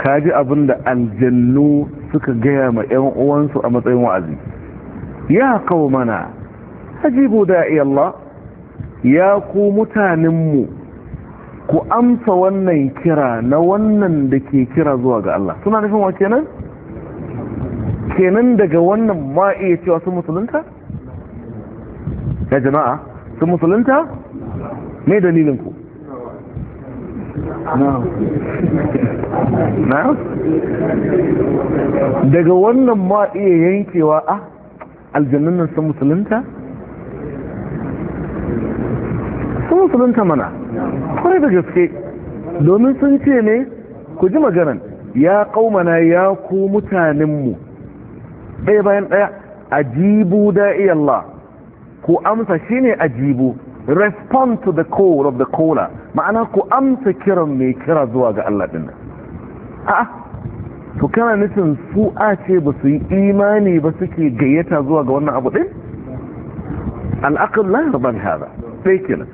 ka ji abin da aljannu suka gaya ma 'yan uwansu a matsayin wa'azi ya kawo mana ajibu da'i Allah ya ku mutanenmu ku amsa wannan kira na wannan da ke kira zuwa ga Allah suna nufin wa kenan? kenan daga wannan ma iya cewa sun musulunta? ya jama'a sun musulunta? mai dalilinku na daga wannan ma iya yankewa a ah, aljannan nan sun musulunta sun musulunta mana kwarai da gaske domin sun ce ne ku ji maganan ya kaumana ya ku mutanenmu ɗaya bayan ɗaya ajibu da'i Allah ku amsa shi shine ajibu respond to the call of the caller ma'ana ku amsa kiran mai kira zuwa ga Allah din a'a to kana nufin su a ce ba su yi imani ba suke gayyata zuwa ga wannan abu din al'aql la yarban hada sai kenan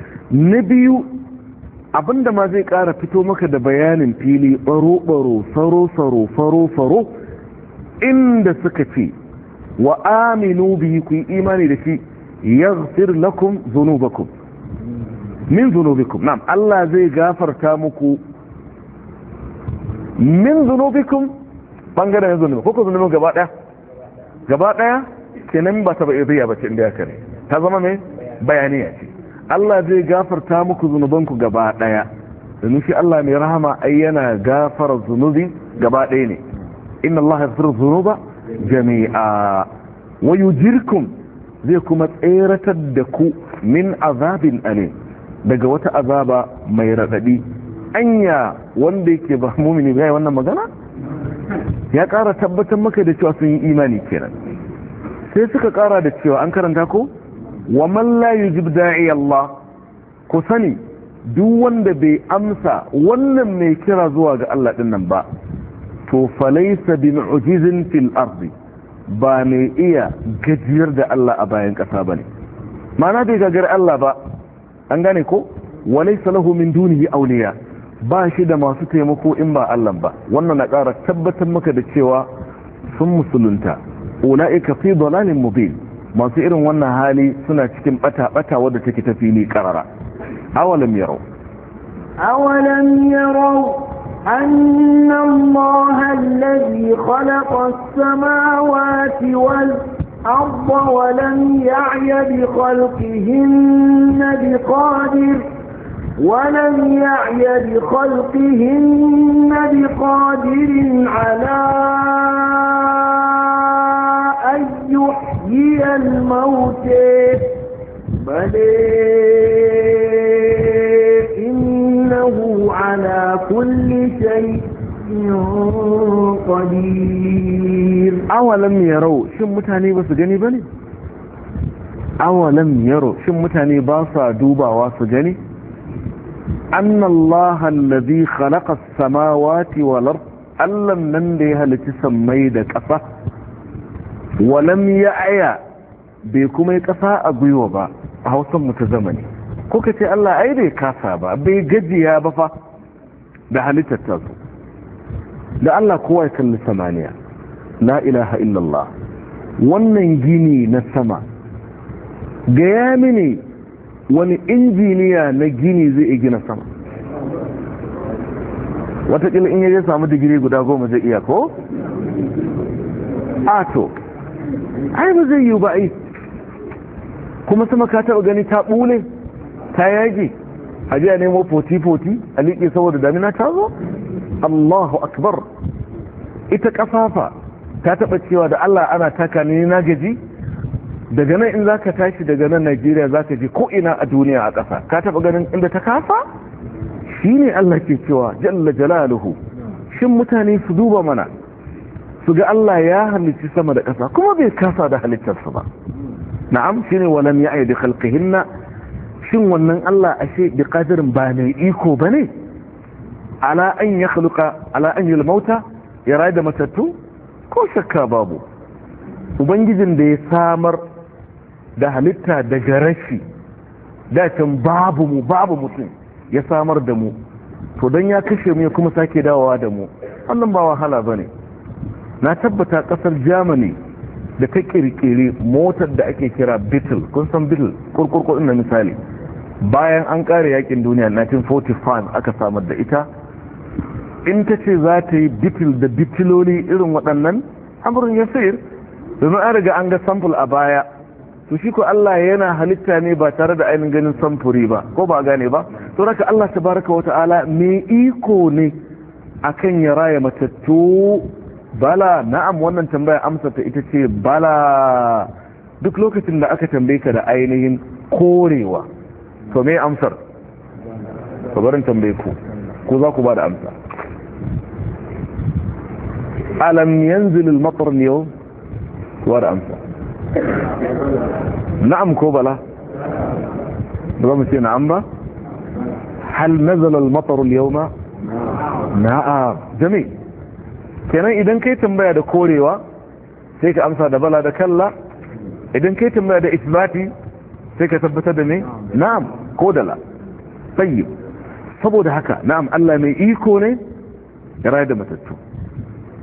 biyu abinda ma zai kara fito maka da bayanin fili baro baro saro saro faro faro inda suka ce wa aminu bihi ku yi imani da shi yaghfir lakum dhunubakum min zunubikum na'am Allah zai gafarta muku min zunubikum bangaren zunubi ko ku zunubi gaba daya gaba daya kenan ba ta ba'idiyya ba ce inda ya kare ta zama me bayaniya ce Allah zai gafarta muku zunubanku gaba daya domin shi Allah mai rahama ai yana gafara zunubi gaba daya ne inna Allah yaghfiru dhunuba jami'a wa yujirkum zai kuma tseratar da ku min azabin alim daga wata azaba mai raɗaɗi anya wanda yake ba mumini ba wannan magana ya ƙara tabbatar maka da cewa sun yi imani kenan sai suka ƙara da cewa an karanta ko wa man la yujib Allah ku sani duk wanda bai amsa wannan mai kira zuwa ga Allah din nan ba to falaysa bi mu'jizin fil ardi ba mai iya gajiyar da Allah a bayan ƙasa bane ma'ana bai gagar Allah ba an gane ko wani lahu min dunihi awliya ba shi da masu taimako in ba Allah ba wannan na ƙara tabbatar maka da cewa sun musulunta ula'ika fi dalalin mubin masu irin wannan hali suna cikin bata bata wadda take ta fili karara awalam yaro awalam yaro أن الله الذي خلق السماوات والأرض الأرض ولم يعي بخلقهن بقادر ولم يعي بخلقهن بقادر على أن يحيي الموت بل إنه على كل شيء qadir awalam yaro shin mutane ba su gani bane awalam shin mutane ba sa dubawa su gani annallaha allaha allazi khalaqa samawati wal ard allan nan da ya halitta sammai da ƙasa walam ya bai kuma yi ƙasa a gwiwa ba a hausan mu ta zamani kuka ce Allah ai bai kasa ba bai gajiya ba fa da halittar ta da Allah kowa ya kalli samaniya la ilaha illallah wannan gini na sama gaya mini wani injiniya na gini zai iya gina sama watakila in yaje samu digiri guda goma zai iya ko? ato ai ba zai yi ba ai kuma sama ka taɓa gani ta ɓule ta yage a ne a nemo 40-40 a liƙe saboda damina ta zo? Allahu akbar ita kafafa ta taba cewa da Allah ana taka ni na gaji daga nan in zaka tashi daga nan Najeriya zaka ji ko ina a duniya a kasa ka taba ganin inda ta kafa shine Allah ke cewa jalla jalaluhu shin mutane su duba mana su ga Allah ya halicci sama da kasa kuma bai kasa da halittarsa ba na'am shine walam ya'id khalqihinna shin wannan Allah ashe bi qadirin ba mai iko bane ala an ya khaluka ala an yi mauta ya rayu da matattu ko shakka babu ubangijin da ya samar da halitta daga rashi dacin babu mu babu mutum ya samar da mu to don ya kashe mu ya kuma sake dawowa da mu wannan ba wahala ba ne na tabbata kasar germany da ta kirkiri motar da ake kira beetle kun san beetle kurkurkur na misali bayan an kare yakin duniya 1945 aka samar da ita in ta ce za ta yi bitil da bitiloli irin waɗannan amurin ya sayar domin an riga an ga samfur a baya to shi ko Allah yana halitta ne ba tare da ainihin ganin samfuri ba ko ba gane ba to raka Allah baraka wa ta'ala me iko ne akan ya raya matattu bala na'am wannan tambaya amsa ta ita ce bala duk lokacin da aka tambaye ka da ainihin korewa to me amsar barin tambaye ku ko za ku ba da amsa alam yanzil al-matar al ku ba da amsa na'am ko bala ba mu ce na'am ba hal nazala al-matar al-yawma na'am jami kenan idan kai tambaya da korewa sai ka amsa da bala da kalla idan kai tambaya da isbati sai ka tabbatar da ne na'am ko dala. la saboda haka na'am Allah mai iko ne raya da matattu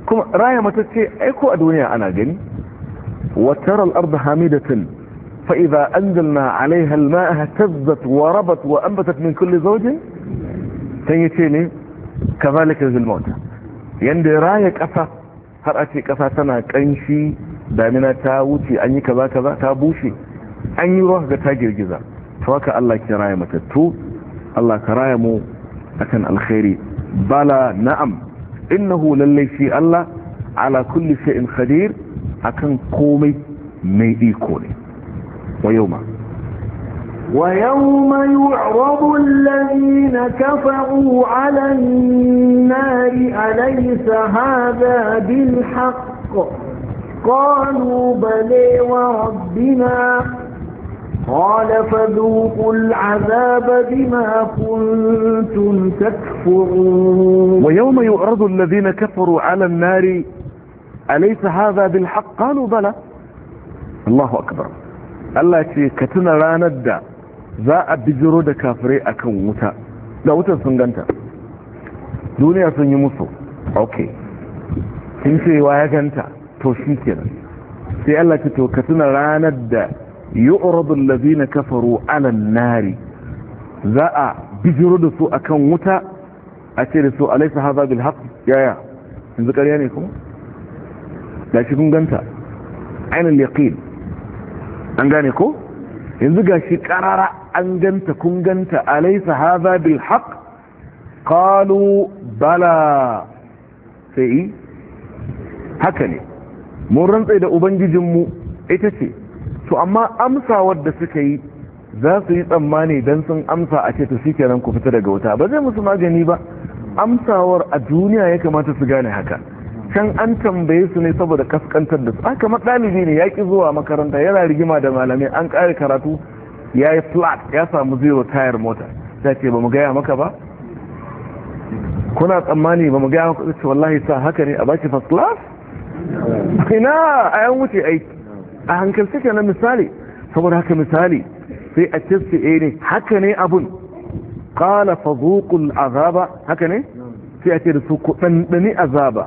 kuma raya matacce aiko a duniya ana gani watar al'arda hamidatin fa’iza an zilna alaihal ma’aha tazzat wa rabat wa ambatat min kulle zaujin can yi ce ne ka zalikar zilmauta yadda raya ƙasa har a ce ƙasa tana ƙanshi damina ta wuce an yi kaza kaza ta bushe an yi ruwa ga ta girgiza ta Allah ke raya matattu Allah ka raya mu akan alkhairi bala na'am innahu lallai shi Allah ala kulli shay'in qadir akan komai mai iko ne wa yawma wa yawma yu'radu alladhina kafaru 'ala an-nari alaysa hadha bil haqq qalu bala wa rabbina قال فذوقوا العذاب بما كنتم تكفرون ويوم يؤرض الذين كفروا على النار أليس هذا بالحق قالوا بلى الله أكبر التي كتنا لا ندى ذا بجرود كافري أكو لا أتى سنغنت دوني أتني مصر أوكي تنسي وايا جنت توشيكي سيألة تتوكتنا لا ندى yu'radu allazina kafaru 'ala an-nari za a bijiro da su akan wuta a ce da su alaysa yaya yanzu ƙarya ne kuma gashi kun ganta ainul yaqin an gane ko yanzu gashi karara an ganta kun ganta alaysa bala sai haka ne mun rantsai da ubangijinmu ita ce to amma amsawar da suka yi za su yi tsammani don sun amsa a ce shi kenan ku fita daga wuta ba zai musu magani ba amsawar a duniya ya kamata su gane haka can an tambaye su ne saboda kaskantar da su a matsalibi ne ya ki zuwa makaranta yana rigima da malamai an kare karatu ya yi flat ya samu zero tayar mota ta ce ba mu gaya maka ba kuna tsammani ba mu gaya maka wallahi sa haka ne a baki first class [laughs] ina a yan wuce aiki a hankalce ke na misali saboda haka misali sai a ce eh ne haka ne abun qala fadhuqul azaba haka ne sai a ce da su ku dandani azaba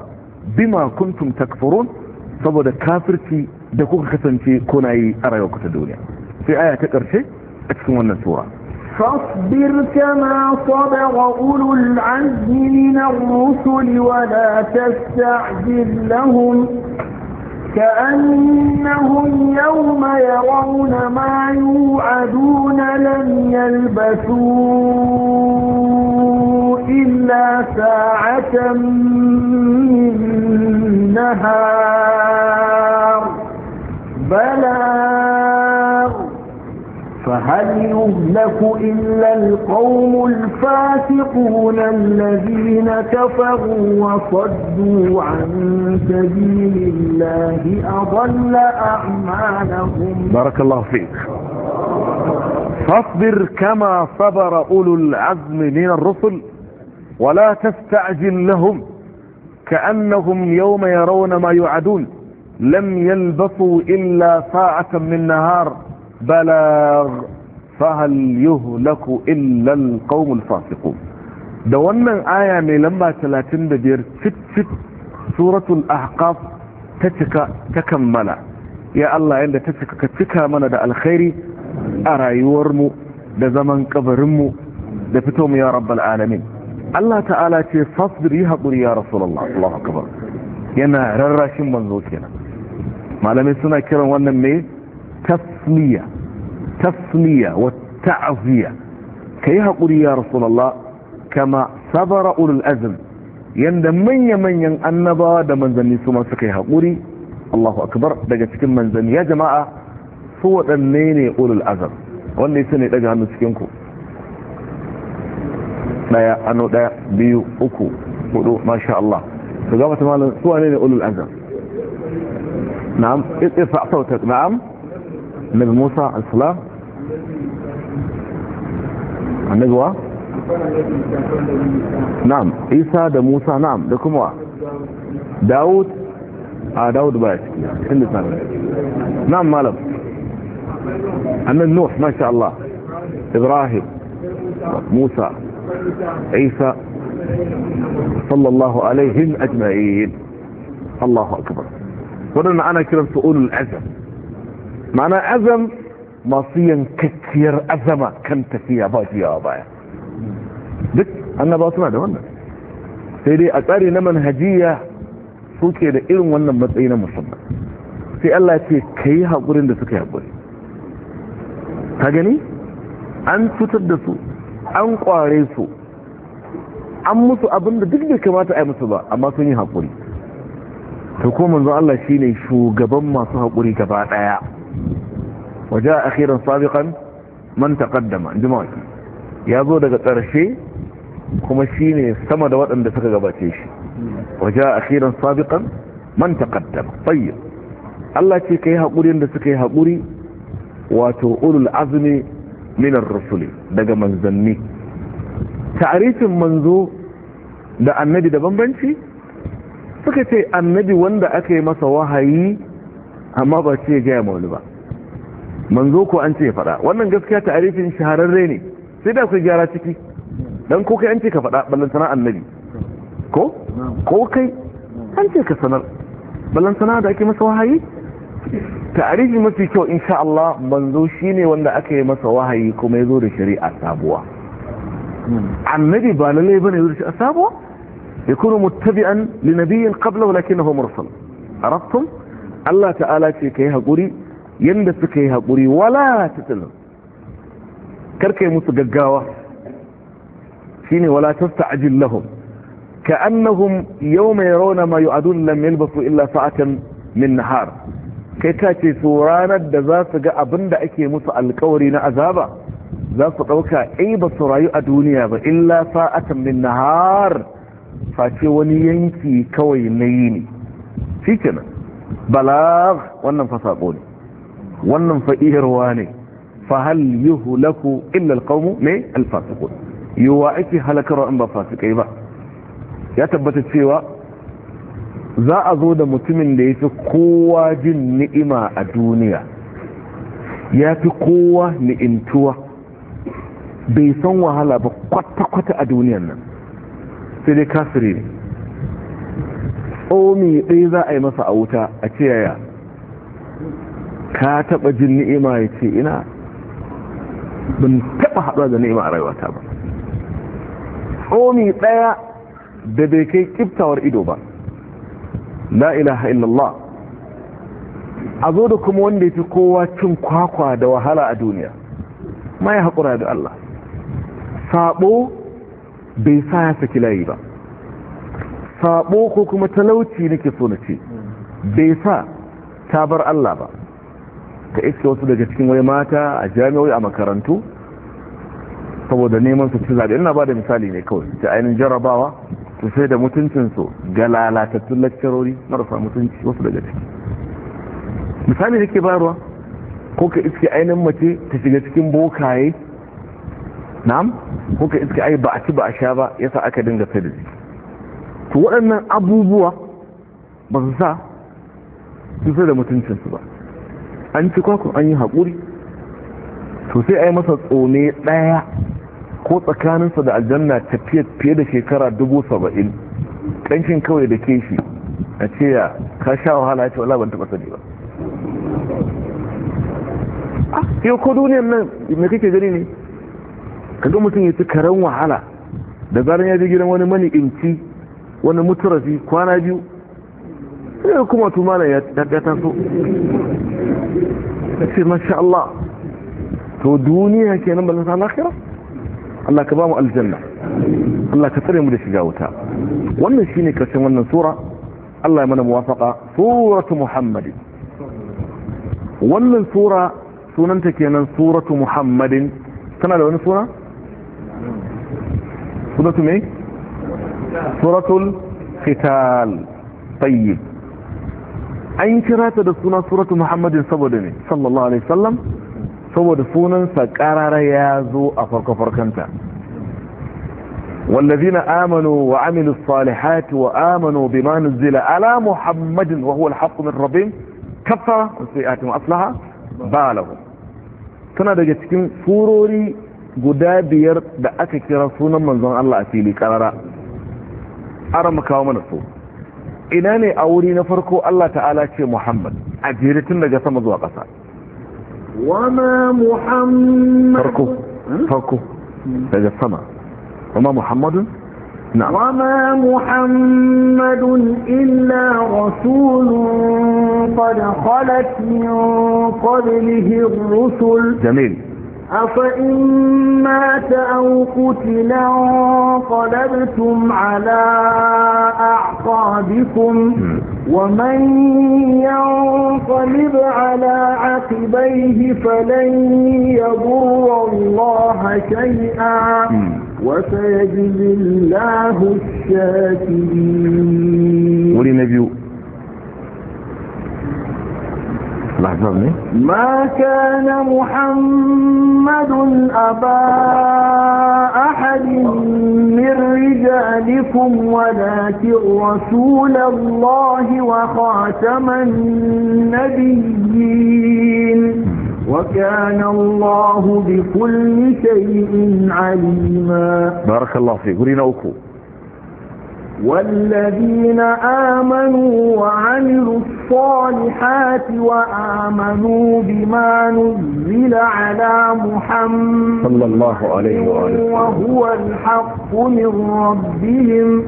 bima kuntum takfurun saboda kafirci da kuka kasance ko na yi a rayuwarku kuta duniya sai aya ta ƙarshe a cikin wannan sura فاصبر كما صبر أولو العزم من الرسل ولا تستعجل لهم كأنهم يوم يرون ما يوعدون لم يلبثوا إلا ساعة من نهار بلاغ فهل يهلك إلا القوم الفاسقون الذين كفروا وصدوا عن سبيل الله أضل أعمالهم بارك الله فيك فاصبر كما صبر أولو العزم من الرسل ولا تستعجل لهم كأنهم يوم يرون ما يعدون لم يلبثوا إلا ساعة من نهار balag fahal yuhlaku illa alqawmul Fasiku. da wannan aya mai lamba 35 fit fit suratul ahqaf ta cika ta kammala ya Allah yanda ta cika ka cika mana da alkhairi a rayuwarmu da zaman kabarinmu da fito mu ya rabbal alamin Allah ta'ala ce fasbir yi haƙuri ya rasulallah Allahu akbar yana rarrashin manzo kenan malamai suna kiran wannan ne tasliya tasliya wa ta'ziya kai haƙuri ya rasulullah kama sabara ulul azm yanda manya-manyan annabawa da manzanni su ma yi haƙuri Allahu akbar daga cikin manzanni ya jama'a su waɗanne ne ulul azm wanda yasa ne hannu cikin ku daya ano daya biyu uku hudu masha Allah su ga mata malam su wane ne النبي موسى عليه السلام النبي نعم عيسى ده موسى نعم ده كم داود اه داود باش نعم مالب النبي نوح ما شاء الله ابراهيم موسى عيسى صلى الله عليهم اجمعين الله اكبر ولنا انا كلمت اولو العزم mana azam masu yankakkiyar azama kan tafiya ba jiyawa baya duk annaba suna da wannan sai dai a tsari na manhajiya suke da irin wannan matsayi na musamman sai Allah ce ka yi haƙurin da suka haƙuri ka gani an cutar da su an ƙware su an musu abin da duk bai kamata a yi musu ba amma sun yi haƙuri ta kuma manzon Allah shi ne shugaban masu haƙuri gaba ɗaya waje akhiran sabiqan man taqaddama jama'a ya zo daga ƙarshe kuma shine sama da waɗanda suka gabace shi waje akhiran sabiqan man taqaddama tayyib Allah ce kai haƙurin da suka yi haƙuri wato ulul azmi min ar daga manzanni ta'arifin manzo da annabi da banbanci suka ce annabi wanda aka masa wahayi amma ba ce gaya ma wani ba manzo ko an ce ya faɗa wannan gaskiya ta'arifin shahararre ne sai da ku gyara ciki dan ko kai an ce ka faɗa ballantana annabi ko ko kai an ce ka sanar ballantana da ake masa wahayi ta'arifi mafi kyau insha Allah manzo shine wanda aka yi masa wahayi kuma yazo da shari'a sabuwa annabi ba lalle bane yazo da shari'a sabuwa yakunu muttabi'an li nabiyyin qabla walakinahu mursal arabtum Allah ta'ala ce ka yi haƙuri yadda suka yi haƙuri wala tattalin karka yi musu gaggawa shi ne wala tasta ajin lahum ka annahum yau mai rauna ma yu'adun ba su illa sa'atan min nahar kai ta ce su ranar da za su ga abin da ake musu alkawari na azaba za su ɗauka ai ba su rayu a duniya ba illa sa'atan min nahar face wani yanki kawai na yi ne shi kenan Bala, wannan fa ne wannan fa irwa ne fa hal yuhlaku illa alqawm me alfasiqun yuwa ake halakarwa in ba fasikai ba ya tabbata cewa za a zo da mutumin da ya fi kowa jin ni'ima a duniya ya fi kowa ni'intuwa bai san wahala ba kwata-kwata a duniyan nan sai dai kafiri ne tsomi ɗaya za a yi masa a wuta a ce yaya ka taɓa jin ni'ima ya ce ina Ban taɓa haɗuwa da ni'ima a rayuwata ba tsomi ɗaya da bai kai ƙiftawar ido ba la ilaha illallah a zo da kuma wanda ya fi kowa cin kwakwa da wahala a duniya ma ya haƙura da Allah saɓo bai sa ya saki layi ba sabo ko kuma talauci nake so na ce bai sa ta bar Allah ba ka iske wasu daga cikin wai mata a jami'oi a makarantu saboda neman su ci zaɓe ina ba da misali ne kawai ta ainihin jarabawa su sai da mutuncinsu ga lalatattun lakcarori marasa mutunci wasu daga ciki misali da ke bayarwa ko ka iske ainihin mace ta shiga cikin bokaye na'am ko ka iske ai ba a ci ba a sha ba yasa aka dinga sai da to waɗannan abubuwa ba su sa su da mutuncinsu ba an ci kwakwa an yi haƙuri to sai a yi masa tsone ɗaya ko tsakaninsa da aljanna tafiyar fiye da shekara dubu saba'in ƙanshin kawai da ke shi a ce ya ka sha wahala ce wala ban taɓa sani ba ah, yau ko duniyan nan me kake gani ne kaga mutum ya ci karen wahala da zaran ya je gidan wani mani inci wani mutarafi kwana biyu sai kuma tumana ya taso sai masha Allah to duniya kenan ba ta alakira. Allah ka ba mu aljanna Allah ka tsare mu da shiga wuta wannan shi ne karshen wannan sura Allah ya mana muwafaqa suratu muhammadin wannan sura sunanta kenan suratu muhammadin tana da wani suna sunatu me suratul fital tayyib an kirata da suna suratu muhammadin saboda saboda sunansa karara ya zo a farko-farkonta والذين آمنوا وعملوا الصالحات وآمنوا بما نزل على محمد وهو الحق من ربهم كفر أصلها بالهم tana daga cikin surori guda biyar da aka kira sunan manzon Allah a fili karara ara makawo mana so ina ne a wuri na farko Allah ta'ala ce Muhammad a jere tun daga sama zuwa ƙasa wama Muhammad farko farko daga sama wama Muhammadun na'am wama Muhammadun illa rasulun qad khalat min qablihi ar-rusul jamil أفإن مات أو قتل انقلبتم على أعقابكم ومن ينقلب على عقبيه فلن يضر الله شيئا وسيجزي الله الشاكرين ما كان محمد أبا أحد من رجالكم ولكن رسول الله وخاتم النبيين وكان الله بكل شيء عليما بارك الله فيك قولي نوكو والذين آمنوا وعملوا الصالحات وآمنوا بما نزل على محمد صلى الله عليه وآله وهو الحق من ربهم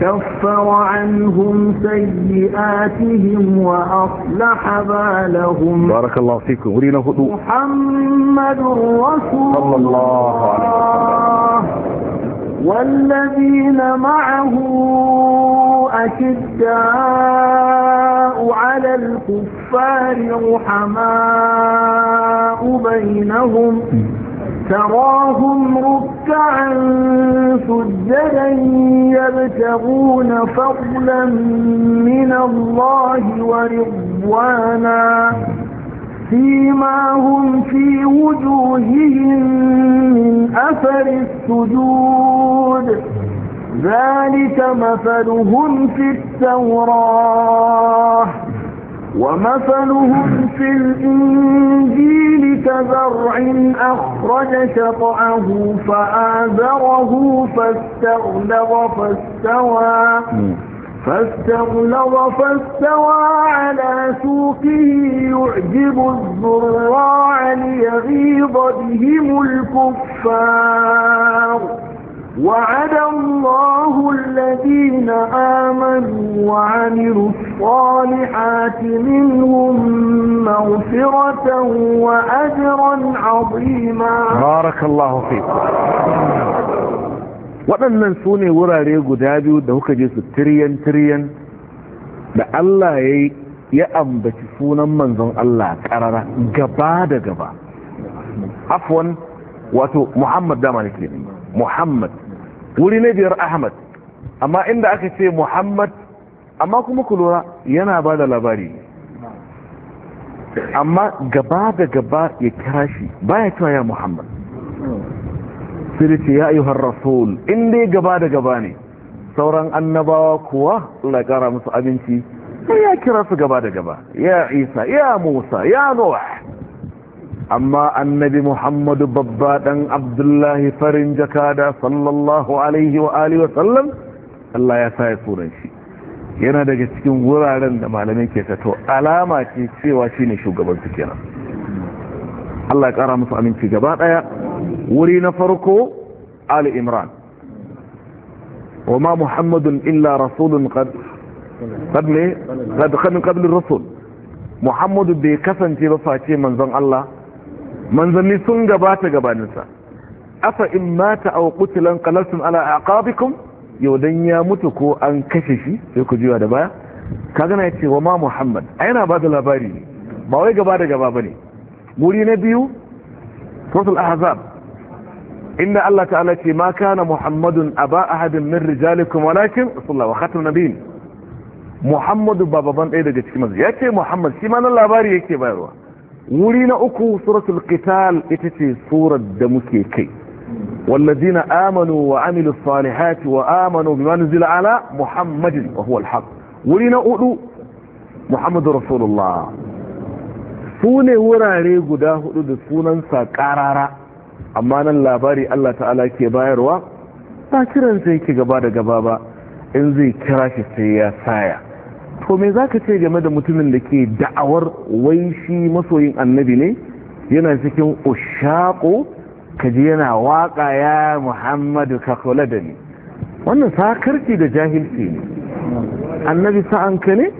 كفر عنهم سيئاتهم وأصلح بالهم بارك الله فيكم ورينا هدوء محمد رسول الله صلى الله عليه وسلم والذين معه أشداء على الكفار رحماء بينهم تراهم ركعا سجدا يبتغون فضلا من الله ورضوانا فيما هم في وجوههم من أثر السجود ذلك مثلهم في التوراة ومثلهم في الإنجيل كزرع أخرج شطعه فآذره فاستغلظ فاستوى فاستغلظ فاستوى على سوقه يعجب الزراع ليغيظ بهم الكفار وعد الله الذين آمنوا وعملوا الصالحات منهم مغفرة وأجرا عظيما بارك الله فيك وأننا سوني ورا ريقو دابي ودوكا جيسو تريان تريان ده الله يي يا أمبتي سونا منظم الله كارارا قبادة قبادة عفوا واتو محمد دامالك لينيو muhammad wuri na biyar ahmad amma inda aka ce muhammad amma kuma ku lura yana ba da labari amma gaba da gaba ya kira shi baya cewa ya muhammad sai ce ya ayyuhar rasul inda ya gaba da gaba ne sauran annabawa kuwa Allah kara musu abinci sai ya kira su gaba da gaba ya isa ya musa ya nuh amma annabi muhammadu babba dan abdullahi farin jakada sallallahu alaihi wa alihi wasallam Allah ya sa ya sunan shi yana daga cikin wuraren da malamin ke tato alama ce cewa shine shugaban su kenan Allah ya kara musu aminci gaba daya wuri na farko ali imran wa ma muhammadun illa rasulun qad qad ne qad qabl ar muhammadu bai kasance ba face manzon Allah manzanni sun gabata gabaninsa afa in mata aw qutilan qalastum ala aqabikum yau dan ya mutu ko an kashe shi sai ku jiwa da baya kaga na yace wa ma muhammad yana ba da labari ne ba wai gaba da gaba bane wuri na biyu suratul ahzab inda Allah ta'ala ce ma kana muhammadun aba ahadin min rijalikum walakin sallallahu wa khatmun nabiyyin muhammadu ba baban ɗaya daga cikin manzo yace muhammad shi ma nan labari yake bayarwa wuri na uku suratul qital ita ce surar da muke kai والذين آمنوا وعملوا الصالحات وآمنوا بما نزل على محمد وهو الحق ولنا أولو محمد رسول الله sune wurare guda huɗu da sunansa karara amma nan labari Allah ta'ala ke bayarwa ba kiran sai yake gaba da gaba ba in zai kira shi sai ya saya to me za ka ce game da mutumin da ke da'awar wai shi masoyin annabi ne yana cikin ushaƙo kaji yana waƙa ya muhammadu ka kula da ni wannan sakarci da jahilci ne annabi sa'anka ne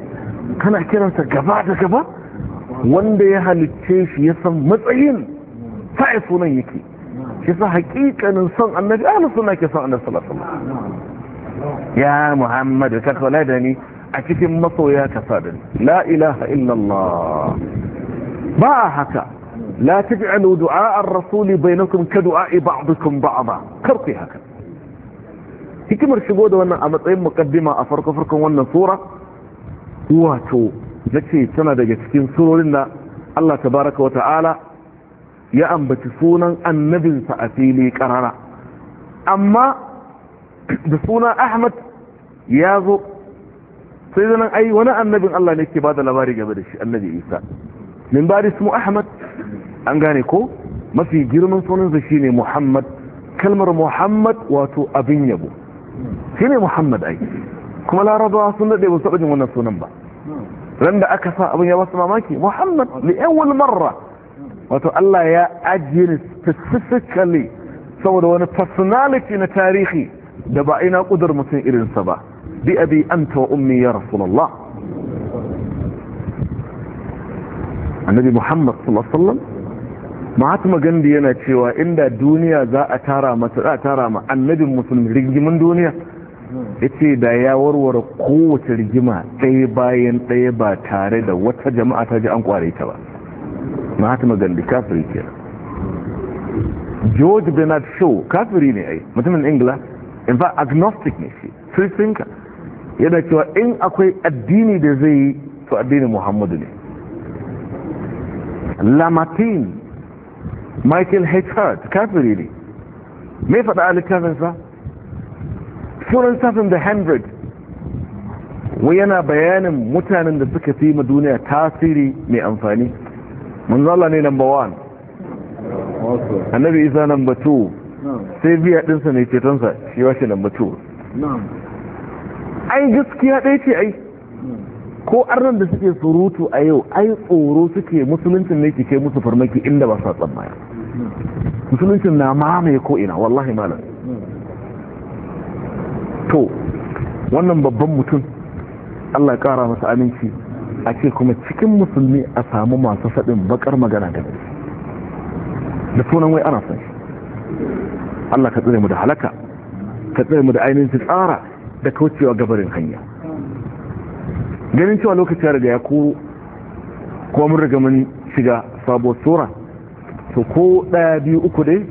kana kiransa gaba da gaba wanda ya halicce shi ya san matsayin Sa'a sunan yake shi sa hakikanin son annabi ahlu suna ke son annabi sallallahu ya muhammadu ka kula da ni a cikin masoya ka sadin la ilaha illallah ba haka la taj'alu du'a ar-rasul bainakum ka du'a ba'dukum ba'da karfi haka hikimar shigo da wannan a matsayin muqaddima a farko farkon wannan sura wato nace tana daga cikin surorin da Allah tabaraka wata'ala ta'ala ya ambaci sunan annabinsa a fili karara amma da suna Ahmad ya zo sai zanen ai wani annabin Allah ne ke ba da labari game da shi annabi isa min ba da ahmad an gane ko mafi girman sunansa shi ne muhammad kalmar muhammad wato abin yabo shi ne muhammad ai kuma larabawa sun daɗe ba su taɓa jin wannan sunan ba ran da aka sa abin ya su mamaki muhammad li awwal marra wato Allah ya ajiye ni specifically saboda wani personality na tarihi da ba ina kudur mutum irinsa ba بأبي أنت وأمي يا رسول الله annabi muhammad sallallahu mahatma gandhi yana cewa inda duniya za a tara masa za a tara ma annabin musulmi rigimin duniya yace da ya warware kowace rigima ɗaya bayan ɗaya ba tare da wata jama'a ta ji an kware ta ba mahatma gandhi kafiri ke george bernard shaw kafiri ne ai mutumin ingila in fact agnostic ne shi free thinker yana cewa in akwai addini da zai yi to addini muhammadu ne lamatin michael h hart kafiri ne mai faɗa a littafinsa sunan safin da hundred wai yana bayanin mutanen da suka fi ma duniya tasiri mai amfani manzala ne number one annabi isa number two sai biya ɗinsa ne cetonsa shi washe number two ai gaskiya ɗaya ce ai ko arnan da suke surutu a yau ai tsoro suke musuluncin ne ke kai musu farmaki inda ba sa tsammaya musuluncin na mamaye ko ina wallahi malam to wannan babban mutum Allah ya kara masa aminci a ce kuma cikin musulmi a samu masu faɗin bakar magana da da sunan wai ana san shi Allah ka tsire mu da halaka ka tsire mu da ainihin tsara da kaucewa gabarin hanya ganin cewa lokaci ya riga ya ko ko mun riga mun shiga sabuwar sura to ko ɗaya biyu uku dai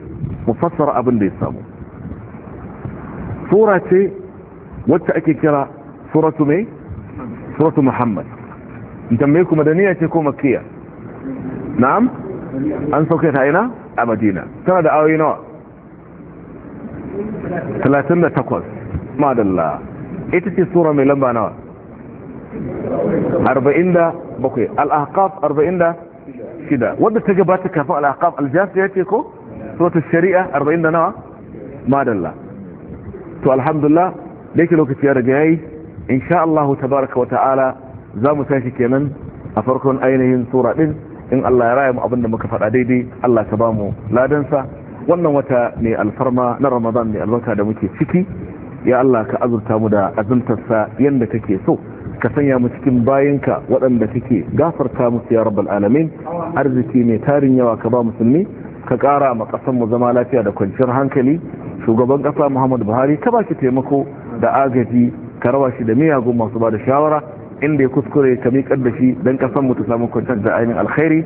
mu fassara abin da ya samu sura ce wacce ake kira suratu mai suratu muhammad mai kuma da ce ko makiya na'am an sauke ta ina a madina tana da awoyi nawa 38 madalla ita ce sura mai lamba nawa 47 al-ahqaf 46 wadda ta gabata kafin al-ahqaf ya jasiya ce ko suratul shari'a 40 nawa madalla to alhamdulillah da yake lokaci ya riga yayi insha Allah tabaaraka wa ta'ala za mu tashi kenan a farkon ainihin sura din in Allah ya raya mu abinda muka faɗa daidai Allah ta ba mu ladansa wannan wata ne alfarma na Ramadan ne albarka da muke ciki ya Allah ka azurta mu da azuntarsa yadda kake so ka sanya mu cikin bayanka waɗanda kake gafarta musu ya rabbal alamin arziki mai tarin yawa ka ba musulmi ka ƙara ma ƙasar mu zama lafiya da kwanciyar hankali shugaban ƙasa Muhammadu Buhari ka ba shi taimako da agaji ka rawa shi da miyagun masu ba da shawara inda ya kuskure ka miƙar da shi don ƙasar mu ta samu kwanciyar da ainihin alkhairi